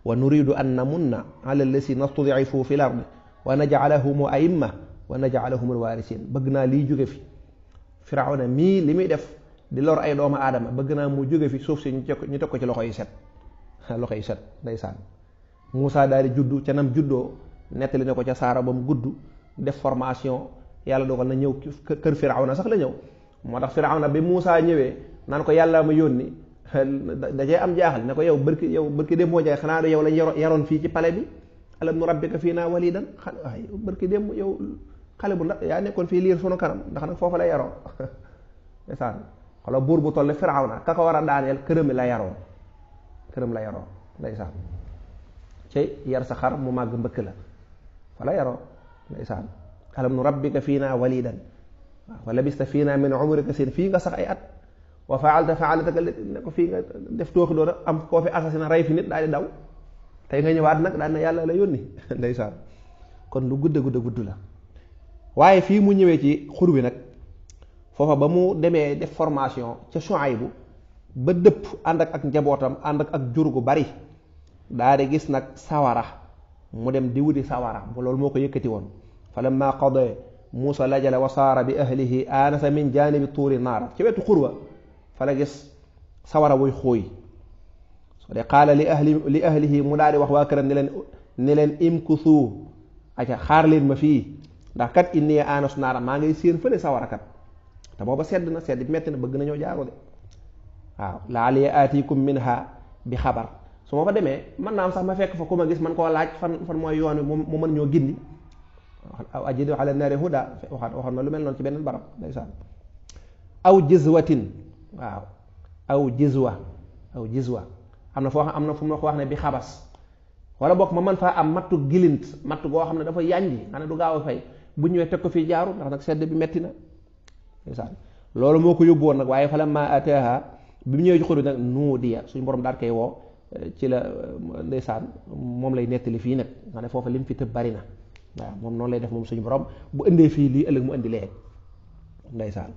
wa nuridu an na namunna ala allasi nastudifu fi l ardi wa na najcalahum aimma wa na najcalahum alwaarisin bëgg naa lii jóge fi na mii li muy def di lor ay doomu aadama bëgg naa mu jóge fi suuf si ñu teg ko ci loxo yi set loxo yi set ndeysaan Moussa daal di juddu ca nam juddoo nettali na ko ca saara ba mu gudd def formation yàlla dogal na ñëw kër na sax la ñëw moo tax na bi Muusaa ñëwee naan ko yàllaa ma yónni dajee am jaaxal ne ko yow bërki yow bërki dem moo jaay xanaa da yow lañ yaroon fii ci pale bi alam nu rabbika fii naa walidan xale waay bërki démb yow xale bu la nekkoon fii liir sunu kanam ndax nag foofu la yaroo ndeysaan xoolal buur bu toll Firawna ka ko war a daaneel këram la yaroo la yaroo ndeysaan cey yar sa mu màgg mbëkk la fa la yaroo ndeysaan alam nu rabbika fii naa walidan wa labista fiinaa min umri kasiir fii nga sax ay at wa faalta faalataka ne ko fii nga def tooxi doona am koo fi assassiné rey fi nit daal daw tey nga ñëwaat nag daal na yàlla la yónni ndeysaan kon lu gudd gudd gudd la waaye fii mu ñëwee ci xur wi nag foofa ba mu demee def formation ca Shuaybu ba dëpp ànd ak njabootam ànd ak jur gu bari daa gis nag sawara mu dem di wuti sawara loolu moo ko yëkkati woon falammaa qadaa Muusa lajala wasaara bi ahlihi aanasa min jaanibi tuuri naara ci wetu xurwa fa la gis sawara wuy xuuy soo dee qaala li ahli li ahlihi mu daal di wax waa këram ni leen leen imkusu aca xaar leen ma fii ndax kat inni aanas naara maa ngi séen fële sawara kat te booba sedd na sedd bi metti na bëgg nañoo jaaru de waaw laalee aatikum minha bi xabar su ma fa demee mën naa am sax ma fekk fa ku ma gis man koo laaj fan fan mooy yoon wi mu mën ñoo gindi aw ajidu ala naari huda waxaat waxoon na lu mel noonu ci beneen barab ndeysaan aw jizwatin waaw aw jizwa aw jizwa am na foo xam am na fu mu wax ne bi xabas wala bokk ma man faa am mattu gilint mattu goo xam ne dafa yànji nga ne du gaaw a fay bu ñëwee teg ko fii jaaru ndax nag sedd bi metti na ndeysaan loolu moo ko yóbbu woon nag waaye fala ma ataha bi mu ñëwee ci xur bi nag nuudiya suñu borom daal koy woo ci la ndeysaan moom lay nettali fii nag nga ne foofa lim fi bari na waaw moom noonu lay def moom suñu borom bu indee fii lii ëllëg mu indi lee ndeysaan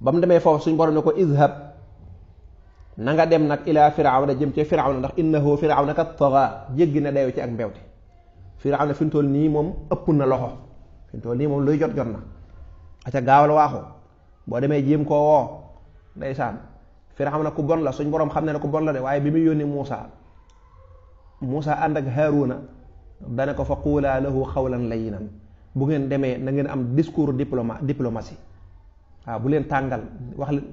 ba mu demee foofu suñu borom ne ko izhab na nga dem nag ilaa na jëm ci na ndax innahu na kat toga jéggi na dayo ci ak mbeew mbewte firawna fi mu toll nii moom ëpp na loxo fi mu nii moom luy jot jot na aca gaawal waaxu boo demee jéem koo woo ndeysaan na ku bon la suñ borom xam ne na ku bon la de waaye bi muy yónni Muusa Muusa ànd ak dana ko fa quulaa lahu xawlan layyinan bu ngeen demee na ngeen am discours diploma diplomatie waaw bu leen tàngal wax leen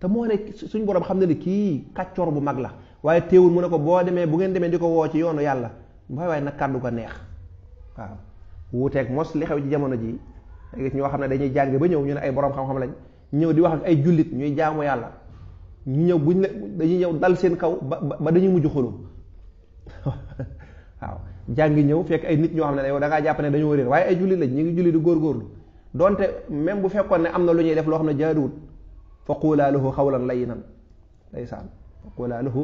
te moo ne suñ borom xam ne ni kii kàccoor bu mag la waaye teewul mu ne ko boo demee bu ngeen demee di ko woo ci yoonu yàlla waaye waaye nag kàddu ko neex waaw wuuteeg mos li xew ci jamono ji gis ñoo xam ne dañuy jàng ba ñëw ñu ne ay borom xam-xam lañ ñëw di wax ak ay jullit ñuy jaamu yàlla ñu ñëw buñ la dañuy ñëw dal seen kaw ba ba dañuy mujj xulum waaw jàngi ñëw fekk ay nit ñoo xam ne yow da ngaa jàpp ne dañoo réer waaye ay julli lañ ñu ngi julli di góorgóorlu donte même bu fekkoon ne am na lu ñuy def loo xam ne jaaduwut fa quulaa lahu xawlan layyinan ndeysaan fa quulaa lahu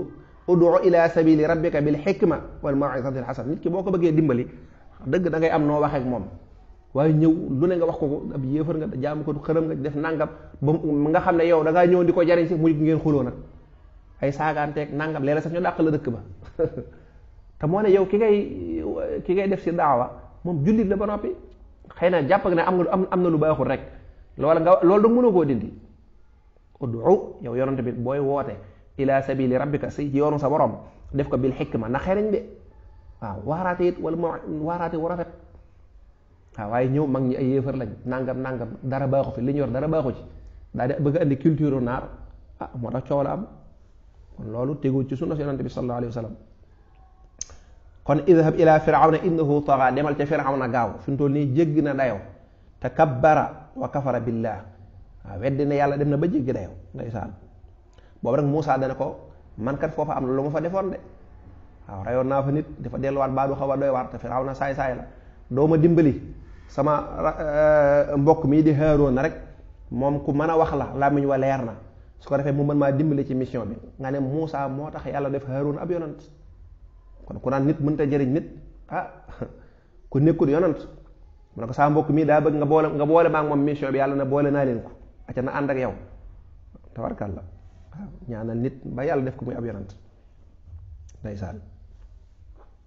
ud'u ila sabili rabbika bil xikma wal maw'izati al xasan nit ki boo ko bëggee dimbali dëgg da am noo waxee ak moom waaye ñëw lu ne nga wax ko ko ab yéefar nga jaam ko xërëm nga def nangam ba nga xam ne yow da ngaa ñëw di ko jariñ si mujj ngeen xuloo nag ay saagaanteeg nangam léeg-léeg sax ñu dàq la dëkk ba te moo ne yow ki ngay ki ngay def si daawa moom jullit la ba noppi xëy na jàpp ne am am na lu baaxul rek loola nga loolu danga mënoo koo dindi uddu yow yonante bi booy woote ila sabili rabbika si yoonu sa borom def ko bil xikma na xereñ de waaw waaraate it wala moo waaraate wu rafet waaw waaye ñëw mag ñi ay yéefar lañ nangam nangam dara baaxu fi li ñu yor dara baaxu ci daal di bëgg a indi culture naar ah moo tax coow la am kon loolu tegu ci sunna yonante bi sallallahu alayhi kon idhab ila firawna innahu taxa demal ca firawna gaaw fi mu toll nii jégg na dayow te kabbara wa kafara billah waaw weddi na yàlla dem na ba jéggi dayow ndeysaan boobu rek Muusa dana ko man kat foofa am na lu ma fa defoon de waaw rayoon naa fa nit dafa delluwaat baadu xaw a doy waar te na saay-saay la doo ma dimbali sama eh, mbokk mii di Haaroon na rek moom ku mën a wax la làmmiñ wa leer na su ko defee mu mën maa dimbali ci mission bi nga moo tax yàlla def kon ku naan nit mënta jariñ nit ah ku nekkul yonant mu ne ko saa mbokk mii daa bëgg nga boole nga boole maak moom mission bi yàlla na boole naa leen ko aca na ànd ak yow tabarkal la waaw ah, ñaanal nit ba yàlla def ko muy ab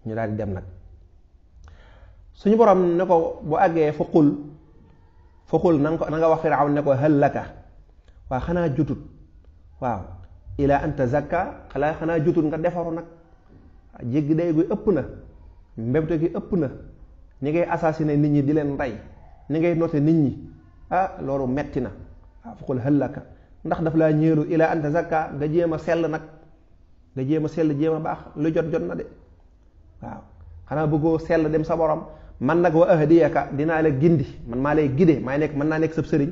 ñu daal di dem nag suñu borom ne ko bu àggee fa xul fa xul na ko na nga wax Firaawn ne ko hal laka waa xanaa jutut waaw ilaa anta zakka xalaa xanaa jutut nga defaru nag jéggi day gu ëpp na mbébte gi ëpp na ñi ngay assassiné nit ñi di leen rey ñi ngay noté nit ñi ah loolu metti na ah faqul halaka ndax daf laa ñéeru ila anta zakka nga jéem a sell nag nga jéem a sell jéem a baax lu jot jot na de waaw xanaa bëggoo sell dem sa borom man nag wa ahdiyaka dinaa la gindi man maa lay gide maa nekk mën naa nekk sab sëriñ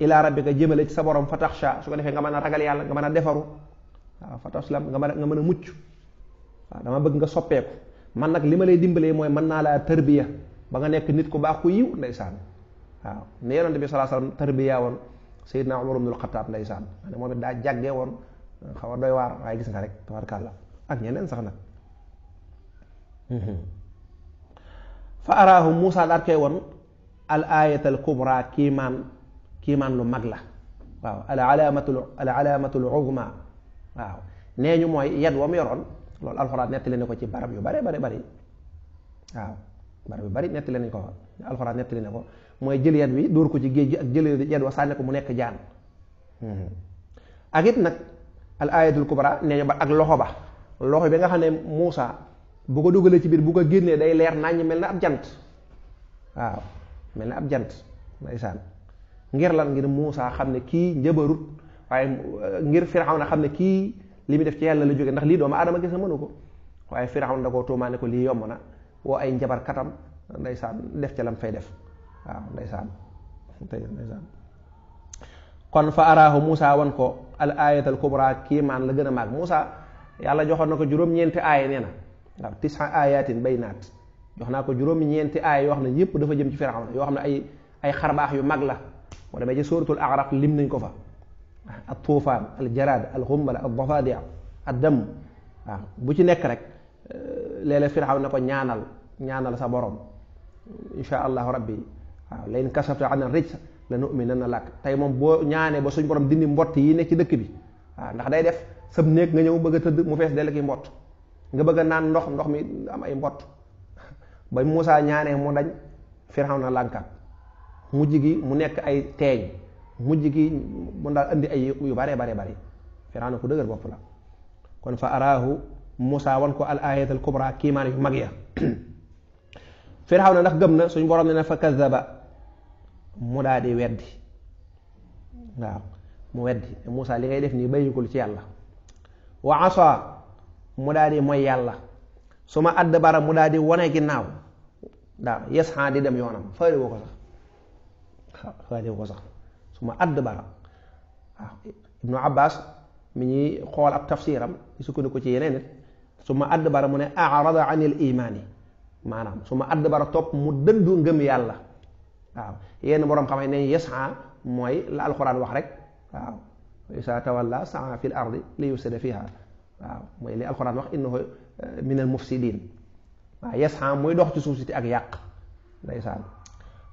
ila rabbika jëmale ci sa borom fa taxsha su ko defee nga mën a ragal yàlla nga mën a defaru waaw fa a mën a mucc waaw dama bëgg nga soppeeku man nag li ma lay dimbalee mooy mën naa laa tarbiya ba nga nekk nit ku baax ku yiw ndeysaan waaw ne yonent bi sallallahu alayhi wasallam tarbiya woon Seydina Umar ibn al-Khattab ndeysaan moom it daa jàggee woon xaw a doy waar waaye gis nga rek tabarkàlla ak ñeneen sax nag fa araahu Muusa daat koy woon al ayatal kubra kiimaan kiimaan lu mag la waaw al alaamatul al alaamatul uzma waaw nee ñu mooy yad wa mu yoroon loolu alxuraan nettali na ko ci barab yu bare bare bari waaw barab yu bari nettali nañ ko fa alxuraan nettali na ko mooy jël yan wi dóor ko ci géej gi ak jël yan wa sànni ko mu nekk jaan mm-hmm. ak it nag al ayatul kubra nee ñu ba ak loxo ba loxo bi nga xam ne Muusa bu ko dugalee ci biir bu ko génnee day leer naññ mel na ab jant waaw mel na ab jant ndeysaan ngir lan ngir Muusa xam ne kii njëbarut waaye ngir Firawna xam ne kii li mu def ci yàlla la jóge ndax lii doomu aadama gis na mënu ko waaye firawn da koo tuumaale ko lii yomb na woo ay njabar katam ndeysaan def ca lam fay def waaw kon fa araahu Moussa wan ko al ayatal kubra kiimaan la gën a maag Moussa yàlla joxoon na ko juróom-ñeenti aaya nee na waaw tisa ayatin baynaat jox naa ko juróom-ñeenti aaya yoo xam ne yëpp dafa jëm ci firawn yoo xam ne ay ay xarbaax yu mag la boo demee ci suratul araf lim nañ ko fa at-tuufaan al-jaraad al-xumbala ad-dafaadi ad-damm waaw bu ci nekk rek léeg-léeg Firaaw na ko ñaanal ñaanal sa borom insha allahu rabbi waaw la in kasafta an ar-rijsa na lak tey moom boo ñaanee ba suñ borom dindi mbott yi ne ci dëkk bi waaw ndax day def sab néeg nga ñëw bëgg a tëdd mu fees dell ki mbott nga bëgg a naan ndox ndox mi am ay mbott ba Muusaa ñaanee mu dañ Firaaw na lànkat mujj gi mu nekk ay teeñ mujj gi mu daal indi ay yu bare bare bare na ku dëgër bopp la kon fa araahu Musaa wan ko al ayatal kubra kiimaan yu mag ya Firawna ndax gëm na suñ borom ne na fa kazaba mu daal di weddi waaw mu weddi Musaa li ngay def nii bàyyikul ci yàlla wa asa mu daal di mooy yàlla su ma àdd bara mu daal di wane ginnaaw daaw yes xaa di dem yoonam faale ko sax faale woo ko sax su ma àdd bara waaw ah, ibnu abbas mi ñuy xool ab tafsiram di ko ci yeneen nit su ma àdd bara mu ne arada anil yi maanaam su ma àdd bara topp mu dëndu ngëm yàlla waaw yenn boroom xam ne yasa mooy la alxuraan wax rek waaw isa tawalla fi l ardi li mooy li alxuraan wax innahu eh, min al mufsidin waaw yasa mooy dox ci suuf si ak yàq ndeysaan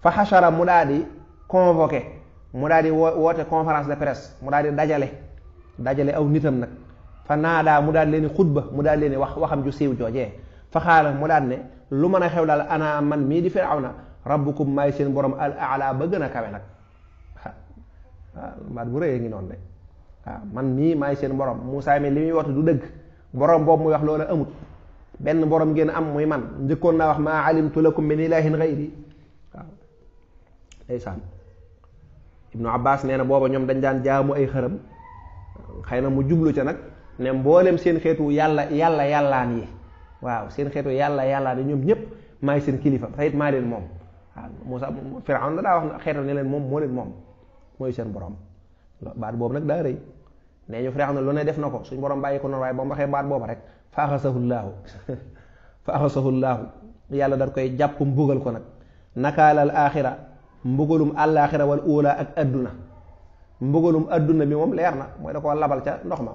fa xashara mu daal di convoqué mu daal di woote conférence de presse mu daal di dajale dajale aw nitam nag fa naadaa mu daal leen xutba mu daal leen wax waxam ju siiw joojee fa xaala mu daal ne lu mën a xew daal ana man mii di firawna rabbukum maay seen borom al ala ba a kawe nag bu rëyee ngi noonu de man mii maay seen borom Moussa mi li muy woote du dëgg borom boobu muy wax loola amut benn borom ngeen am muy man njëkkoon naa wax maa alimtu lakum min ilahin gayri waaw ibnu abbas nee na booba ñoom dañ daan jaamu ay xërëm xëy na mu jublu ca nag ne mboolem seen xeetu yàlla yàlla yàllaan yi waaw seen xeetu yàlla yàllaan yi ñoom ñëpp maay seen kilifa te it maa leen moom waaw Moussa Firawna daa wax xeetam ne leen moom moo leen moom mooy seen borom baat boobu nag daa rëy nee ñu Firawna lu ne def na ko suñ borom bàyyi ko noonu waaye ba mu waxee baat booba rek fa axasahu llaahu fa axasahu llaahu yàlla dañ koy jàpp mbugal ko nag nakaalal aaxira mbugalum àllaaxira wal óola ak adduna mbugalum adduna bi moom leer na mooy da koo labal ca ndox ma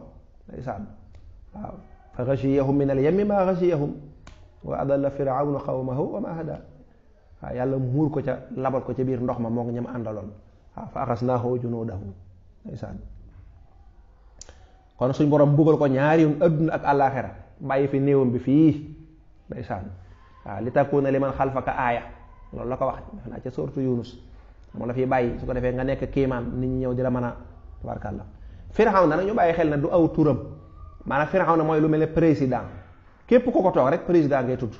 ndeysaan waaw fa xashiyahum min al yammi maa xashiyahum wa adalla firawnu xawmahu wa ma yàlla muur ko ca labal ko ca biir ndox ma moo ko ñam àndaloon waaw fa axasnaahu junuudahu ndeysaan kon suñ borom mbugal ko ñaari yoon adduna ak àllaaxira bàyyi fi néewam bi fii waaw li takkuuna liman xalfaka aaya loolu la ko wax defe naa ca sortu Yunus mu la fi bàyyi su ko defee nga nekk kiimaan nit ñi ñëw di la mën a na Firawna nañu bàyyi xel na du aw turam maanaam na mooy lu mel ne président képp ku ko toog rek président ngay tudd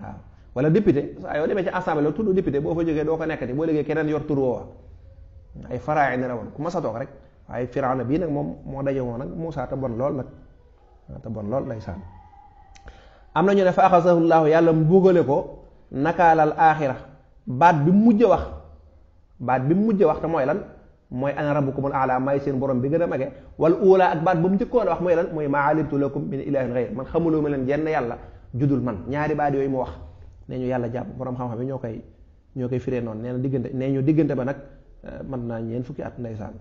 waaw wala député saa yoo demee ci assemblée tudd député boo fa jógee doo ko nekk nekkati boo liggéey keneen yor tur woowa ay faraay ne la woon ku mas a toog rek waaye Firawna bii nag moom moo daje woon nag Muusaa te bon lool nag te bon lool lay sànn am na ñu ko nakaalal aaxira baat bi mu mujj wax baat bi mu mujj wax te mooy lan mooy ana rabbukumul alaa may seen borom bi gën a mage wal uulaa ak baat ba mu njëkkoon a wax mooy lan mooy maa alimtu lakum min ilahin ghayr man xamuloo ma leen jenn yàlla judul man ñaari baat yooyu mu wax nee ñu yàlla jàpp borom xam-xam yi ñoo koy ñoo koy firee noonu nee na diggante nee ñu diggante ba nag eh, man naa ñeen fukki at ndeysaan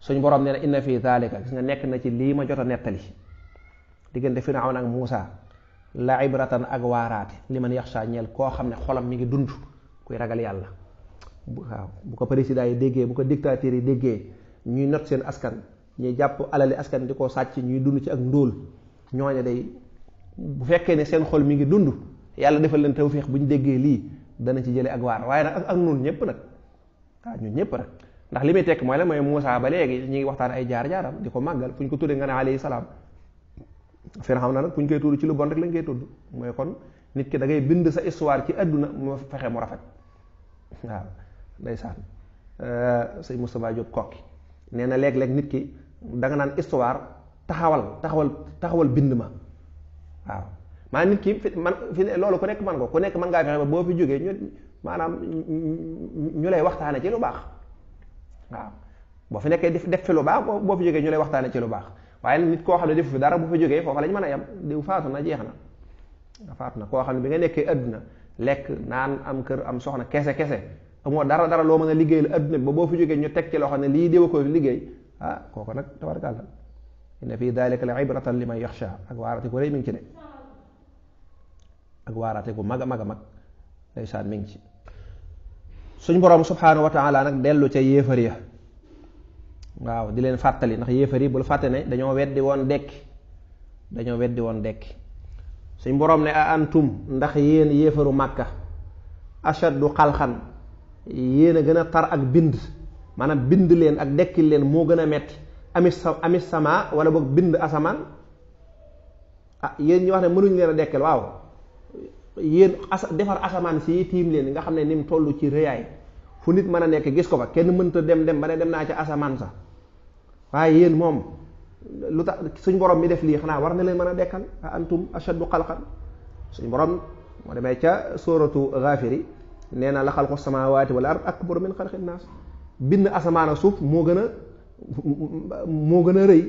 suñ borom nee na inna fi zalika gis nga nekk na ci lii ma jot a nettali diggante Firawna ak Muusa la ibratan ak waaraate li man yaxsha ñeel koo xam ne xolam mi ngi dund kuy ragal yàlla waaw bu ko président yi déggee bu ko dictateur yi déggee ñuy not seen askan ñuy jàpp alali askan di ko sàcc ñuy dund ci ak ndóol ñooñu day bu fekkee ne seen xol mi ngi dund yàlla defal leen tawféex bu ñu déggee lii dana ci jëlee ak waar waaye nag ak nun ñëpp nag waaw ñun ñëpp nag ndax li muy tekk mooy la mooy Moussa ba léegi ñu ngi waxtaan ay jaar-jaaram di ko màggal fu ko tuddee nga salaam xam na nag bu ñu koy tudd ci lu bon rek lañ koy tudd mooy kon nit ki da ngay bind sa histoire ci àdduna mu fexe mu rafet waaw ndeysaan euh, sëñ Moustapha Diop kokki nee na léeg-léeg nit ki danga nga naan histoire taxawal taxawal taxawal bind ma waaw maa nit ki fi man fi ne loolu ku nekk man ko ku nekk mën ngaa fexe ba boo fi jógee ñu maanaam ñu lay waxtaane ci lu baax waaw boo fi nekkee def def fi lu baax boo fi jógee ñu lay waxtaane ci lu baax waaye nit koo xam ne defu fi dara bu fa jógee foofa lañ mën a yem diw faatu na jeex na faatu na koo xam ne bi nga nekkee àdduna lekk naan am kër am soxna kese kese amoo dara dara loo mën a liggéey la àdduna bi ba boo fi jógee ñu teg ci loo xam ne lii déwa koy liggéey ah kooku nag tabarakàlla inna fii dalika la ibratan liman yaxsha ak waarate ko rëy mi ngi ci de ak waarate ko mag a mag a mag ndeysaan mi ngi ci suñ borom subhanahu wa dellu ca yéefar ya waaw di leen fàttali ndax yéefar yi bul fàtte ne dañoo weddi woon dekki dañoo weddi woon dekki suñ boroom ne a antum ndax yéen yéefaru màkka ashaddu xalxan yéen a gën a tar ak bind maanaam bind leen ak dekkil leen moo gën a metti amis sa sama wala boog bind asamaan ah yéen ñu ne mënuñ leen a dekkel waaw yéen as defar asamaan si tiim leen nga xam ne ni mu toll ci rëyaay fu nit mën a nekk gis ko fa kenn mënta dem dem ba ne dem naa ci asamaan sa waaye yéen moom lu tax suñ borom mi def lii xanaa war na leen mën a dekkal a antum ashaddu xalqan suñ borom moo demee ca sóoratu Gaafiri nee na la xalqu samaawaati wal ard akbaru min xalqi naas bind asamaan ak suuf moo gën a moo gën a rëy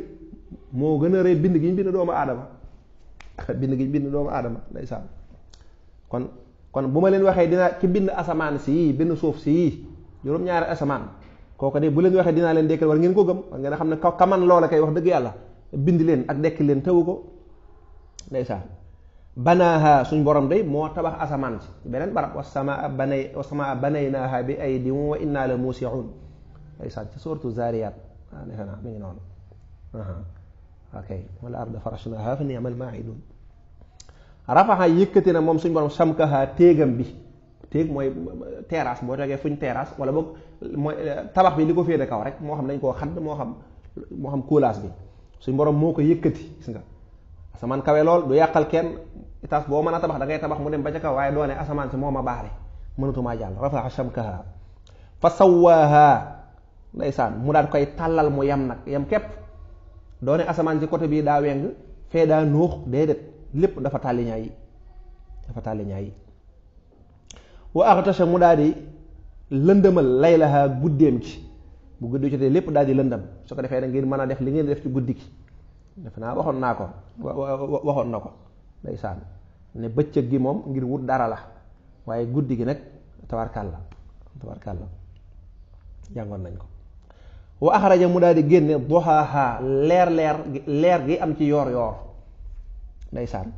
moo gën a rëy bind gi ñu doomu aadama bind gi ñu bind doomu aadama ndeysaan kon kon bu ma leen waxee dina ki bind asamaan si bind suuf si juróom-ñaari asamaan kooku de bu leen waxee dinaa leen dekkal war ngeen ko gëm war ngeen a xam ne kaman loola kay wax dëgg yàlla bind leen ak dekki leen tawu ko ndeysaan banaaha suñ borom day moo tabax asamaan si beneen barab wasamaa banay wasamaa banaynaaha bi aydin wa inna la muusiun ndeysaan ci suuratu zaariyaat ah defe naa mi ngi noonu ok wal arda farashnaaha fa ni'mal yëkkati na moom suñ borom samkaha téegam bi téeg mooy terrasse boo toogee fuñ terrasse wala boog mooy tabax bi li ko féete kaw rek moo xam dañ koo xadd moo xam moo xam kóolaas bi suñ borom moo ko yëkkati gis nga asamaan kawe lool du yàqal kenn étage boo mën a tabax dangay tabax mu dem ba ca kaw waaye doone asamaan si moo ma baare mënatumaa jàll rafa'a shamkaha fa sawaaha ndeysaan mu daan koy tàllal mu yem nag yem képp doone asamaan si côté bii daa weng fee daa nuux déedéet lépp dafa tàlliñaa yi dafa tàlliñaa yi wa aghtasha mu daal di lëndëmal laylaha guddeem ci bu guddi jotee lépp daal di lëndëm su ko defee nag ngeen mën a def li ngeen def ci guddi gi defe naa waxoon naa ko waxoon na ko ndeysaan ne bëccëg gi moom ngir wut dara la waaye guddi gi nag tabarkàlla tabarkàlla yàngoon nañ ko wa axraja mu daal di génne duhaaha leer gi am ci yoor yoor ndeysaan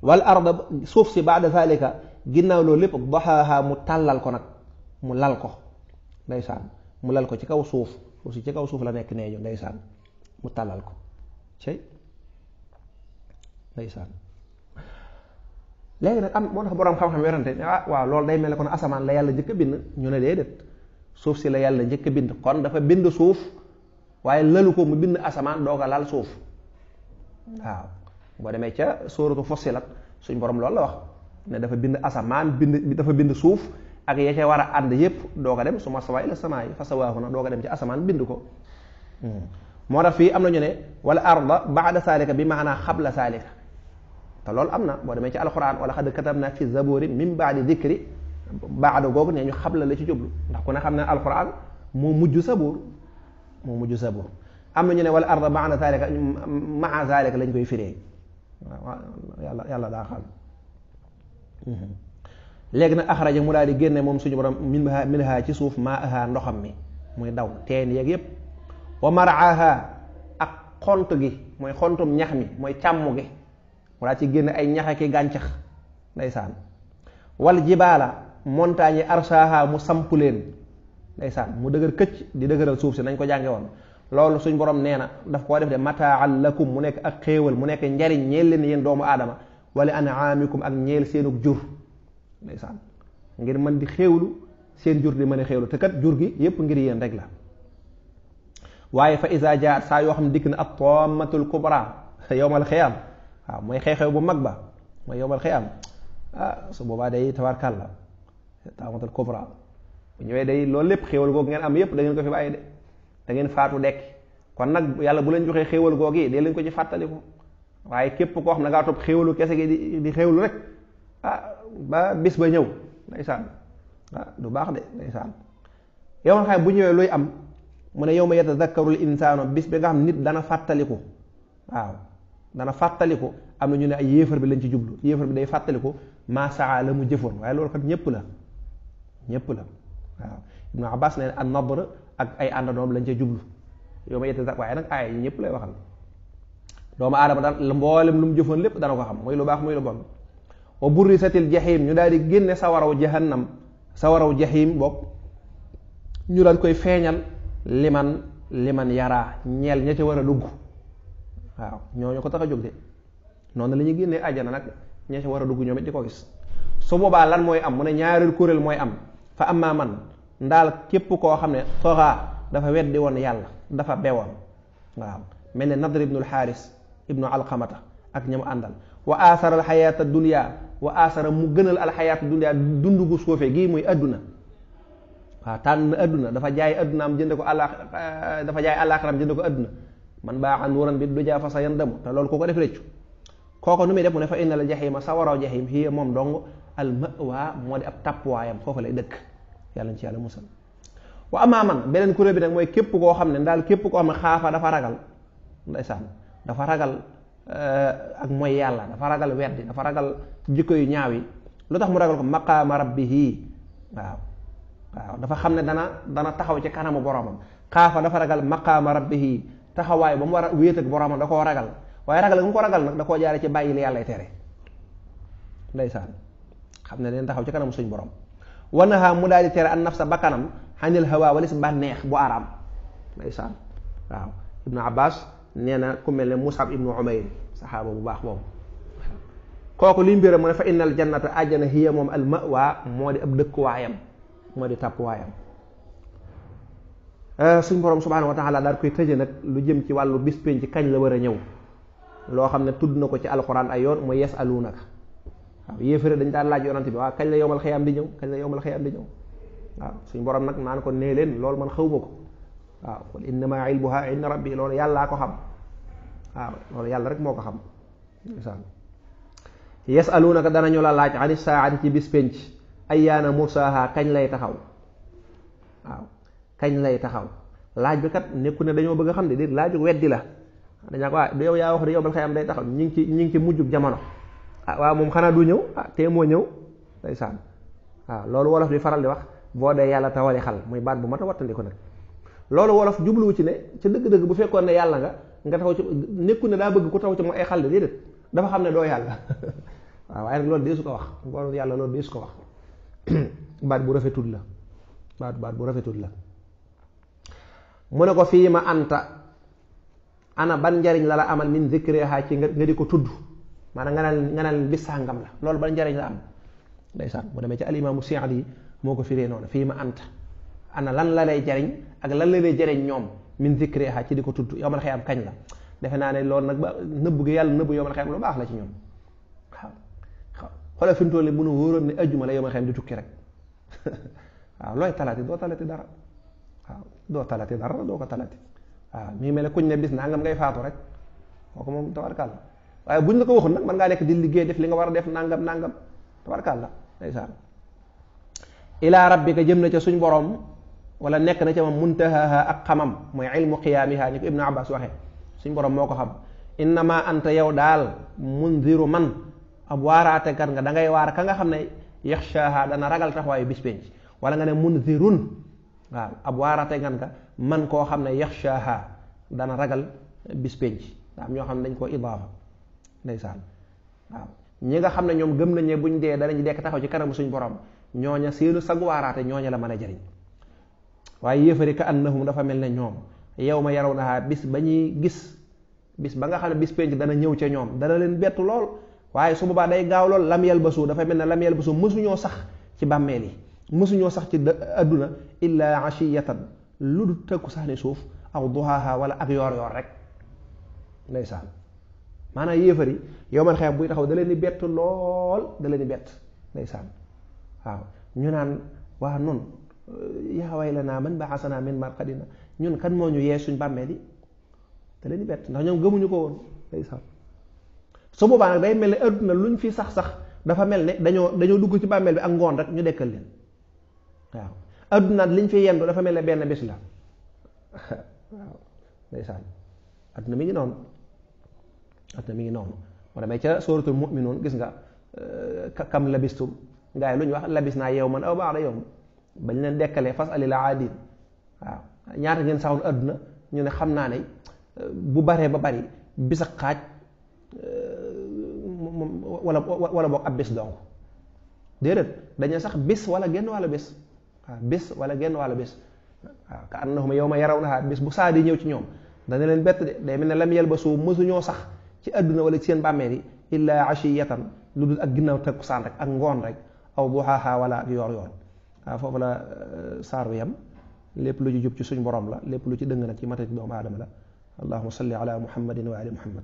wal arda suuf si baada zalika ginnaaw loolu lépp duhaaha mu tàllal ko nag mu lal ko ndeysaan mu lal ko ci kaw suuf suuf si ci kaw suuf la nekk nee ñu ndeysaan mu tàllal ko cey ndeysaan léegi nag am moo tax boroom xam-xam werante ne ah waaw loolu day mel ne kon asamaan la yàlla njëkk bind ñu ne déedéet suuf si la yàlla njëkk a bind kon dafa bind suuf waaye lalu ko mu bind asamaan doog a laal suuf waaw boo demee ca sóoratu Fussilat suñ borom lool la wax ne dafa bind asamaan bind dafa bind suuf ak ya ca war a ànd yëpp doo ko dem su ma sawa ila samaa yi fa sawaahu na doo ko dem ci asamaan bind ko hmm. moo tax fii am na ñu ne wala arda baada saalika bi maanaa xabla saalika te loolu am na boo demee ci alquran wala xad katabna fi zaburi min baadi dikri baada googu nee ñu xabla la ci jublu ndax ku ne xam ne alquran moo mujj sabuur moo mujj sabuur am na ne wala arda maana saalika maa saalika lañ koy firee waaw yàlla yàlla daa xam hmm. léegi nag axraja mu daal di génne moom suñu borom minha minha ci suuf maa aha ndoxam mi muy daw teen yeeg yépp wa maraaha ak xont gi mooy xontum ñax mi mooy càmm gi mu daal ci génn ay ñax ak i gàncax ndeysaan wal jibaala montagne yi arsaaha mu samp leen ndeysaan mu dëgër këcc di dëgëral suuf si nañ ko jànge woon loolu suñ borom nee na daf koo def de mataan lakum mu nekk ak xéewal mu nekk njariñ ñeel leen yéen doomu aadama wala anaamikum ak ñeel seenug jur ndeysaan ngir mën di xéewlu seen jur di mën a xéewlu te kat jur gi yépp ngir yéen rek la waaye fa isa saa yoo xam ne dikk na ab toomatul kubra yowmal xiyaam waaw mooy xew-xew bu mag ba mooy yowmal xiyaam ah su boobaa day tabarkal la toomatul kubra bu ñëwee day loolu lépp xéewal googu ngeen am yépp da ngeen ko fi bàyyi de da faatu dekk kon nag yàlla bu leen joxee xéewal googu yi dee lañ ko ci fàttaliku waaye képp koo xam ne ngaa topp xéewalu kese gi di di xéewlu ah, ba bis ba ñëw ndeysaan ah du baax de ndeysaan yow nga xam bu ñëwee luy am mu ne yow ma yatazakkarul insaanu bis bi nga xam nit dana fàttaliku waaw dana fàttaliku am na ñu ne ay yéefar bi lañ ci jublu yéefar bi day fàttaliku maa saa la mu jëfoon waaye loolu kat ñëpp la ñëpp la waaw Ibnu Abbas ne an nadr ak ay àndandoom lañ ca jublu yow ma yatazak waaye nag aaya yi ñëpp lay waxal doomu aadama daan mboolem lu mu jëfoon lépp dana ko xam muy lu baax muy lu bon wa burrisatil jaxiim ñu daal di génne sawaraw jahannam sawaraw jaxiim bokk ñu daal koy feeñal liman liman yaraa ñeel ña ca war a dugg waaw ñooñu ko tax a jóg de noonu lañuy ñuy génnee àjjana nag ña ca war a dugg ñoom it di ko gis su boobaa lan mooy am mu ne ñaareel kuréel mooy am fa amma man ndaal képp koo xam ne toxaa dafa weddi woon yàlla dafa bewoon waaw mel ne nadr ibnul xaaris ibnu alqamata ak ñamu àndal wa aasara alxayaata dunya wa asara mu gënal alxayaatu dundiyaa dund gu soofee gii muy adduna waaw tànn adduna dafa jaay addunaam jënd ko àllaax eh, dafa jaay am jënd ko adduna man baax an waran bi du jaa fa sa yan damu te loolu koo ko def réccu kooko nu muy def mu ne fa inna la jaxiima sa waraw jaxiim hiya moom dong al waa moo di ab tappuwaayam foofa lay dëkk yàlla ci yàlla musal wa amaa man beneen kuréel bi nag mooy képp koo xam ne ndaal képp koo xam ne xaafa dafa ragal ndeysaan Euh, ak mooy yàlla dafa ragal weddi dafa ragal jikko yu ñaaw yi lu tax mu ragal ko maqaama rabbihi waaw waaw dafa xam ne dana dana taxaw ci kanamu boromam xaafa dafa ragal maqaama rabbihi taxawaay ba mu war a wéet ak boromam da koo ragal waaye ragal nga ko ragal nag da koo jaare ci bàyyi li yàlla tere ndeysaan xam ne den taxaw ci kanamu suñ borom wanaha mu daal di tere an nafsa bakkanam xanil hawa walis bànneex bu araam ndeysaan waaw ibnu abbas nee na ku mel ne Musab ibnu Umayr saxaaba bu baax boobu kooku li mbiram mu ne fa innal jannata àjjana hiya moom al waa moo di ab dëkkuwaayam moo di tàppuwaayam eh, suñ borom subhaanahu wa taala daal koy tëje nag lu jëm ci wàllu bis pénc kañ la war a ñëw loo xam ne tudd na ko ci alxuraan ay yoon mooy yes aluunaka waaw yéefare dañ daan laaj yonante bi waaw kañ la yowmal xiyaam di ñëw kañ la yowmal xiyaam di ñëw waaw suñ borom nag naan ko nee leen loolu man xaw ko waaw qul innama ilmuha inda rabbi loolu yàlla ko xam waaw loolu yàlla rek moo ko xam ndeysaan yasalunaka danañu la laaj ani saati ci bis pénc ayyaana mursaaha kañ lay taxaw waaw kañ lay taxaw laaj bi kat nekku ne dañoo bëgg a xam ne di laaju weddi la dañaa ko waa yow yaa wax ne yow bal xëy day taxaw ñi ngi ci ñi ngi ci mujjub jamono ah waaw moom xanaa du ñëw ah tee moo ñëw ndeysaan waaw loolu wolof bi faral di wax boo dee yàlla tawali xal muy baat bu mat a wattandiku loolu wolof jubluwu ci ne ca dëgg-dëgg bu fekkoon ne yàlla nga nga taxaw ci nekku ne daa bëgg ku taxaw ci ay xàll déedéet dafa xam ne doo yàlla waaw waaye ko wax loolu yàlla loolu dee ko wax baat bu rafetul la baat baat bu rafetul la mu ne ko fii ma anta ana ban njariñ la amal min zikriha ci nga di ko tudd maanaam nga naan sàngam loolu ban njariñ la am ndeysaan mu demee ci alimaamu Saadi yi moo ko firee noonu fii ma anta ana lan la lay jariñ ak lan la dee ñoom min zikriha ci di ko tudd yomal xëy am kañ la defe naa ne loolu nag ba nëbb gi yàlla nëbb yomal xëy am lu baax la ci ñoom waaw waaw xoolal fi mu toll bu nu wóoroon ne ajjuma la yomal xëy di tukki rek waaw looy talaati doo talaati dara waaw doo talaati dara doo ko talaati waaw mi ngi mel ne kuñ ne bis naa ngam ngay faatu rek kooku moom tabarkàlla waaye buñ la ko waxul nag mën ngaa nekk di liggéey def li nga war a def nangam nangam tabarkàlla ndeysaan ilaa rabbika jëm na ca suñ borom wala nekk na ca moom muntahaha ak xamam mooy ilmu qiyaamiha ni ko ibnu abbas waxee suñ borom moo ko xam innama anta yow daal munziru man ab waaraatekat nga da ngay waar ka nga xam ne yaxshaaha dana ragal taxawaayu bis penc wala nga ne munzirun waaw ab waaraate man koo xam ne yaxshaaha dana ragal bis penc ñoo xam ne dañ koo idaafa ndeysaan waaw ñi nga xam ne ñoom gëm nañ ne buñ dee danañ dekk taxaw ci kanamu suñ borom ñooña seenu sag waaraate ñooña la mën a jariñ waaye yéefari ka annahum dafa mel na ñoom yow ma yaraw naa bis ba ñuy gis bis ba nga xam ne bis penc dana ñëw ca ñoom dana leen bett lool waaye su boobaa day gaaw lool ba yalbasu dafa mel ne lam yalbasu mësuñoo sax ci bàmmeel yi mësuñoo sax ci adduna illaa ashiyatan lu du sax ni suuf aw wala ak yoor yoor rek ndeysaan maanaam yéefar yi yow man xeex buy taxaw da leen di bett lool da leen di bett ndeysaan waaw ñu naan waa noonu yaa waylanaa man ba'asanaa min marqadinaa ñun kan moo ñu yee suñ bàmmeel yi te leen di bett ndax ñoom gëmuñu ko woon ndeysaan su boobaa nag day mel ni adduna luñ fi sax sax dafa mel ne dañoo dañoo dugg ci bàmmeel bi ak ngoon rek ñu dekkal leen waaw adduna liñ fi yendu dafa mel ni benn bis la waaw ndeysaan adduna mi ngi noonu adduna mi ngi noonu moo demee ca sóoratul mu'minuun gis nga euh, kam labistum gaa yi lu ñu wax labis naa yow man aw baax ba'da yow bañ leen dekkalee fas alila aadin waaw ñaata ngeen saxoon àdduna ñu ne xam naa ne bu baree ba bari bisa xaaj euh, wala wala boog ab bis donc déedéet dañu sax bis wala genn wala bis waaw bis wala genn wala bis waaw ka annahum yawma yarawnaha bis bu saa di ñëw ci ñoom dana leen bett de day mel ne lam yalbasu mësuñoo sax ci àdduna wala ci seen bàmmeel yi illaa ashiyatan lu dul ak ginnaaw takkusaan rek ak ngoon rek aw duhaahaa wala ak Ah, foofu la eh, saar wi yam lépp lu ci jub ci suñ borom la lépp lu ci dëng nag ci matat doomu aadama la allahuma salli ala muhammadin wa ali muhammad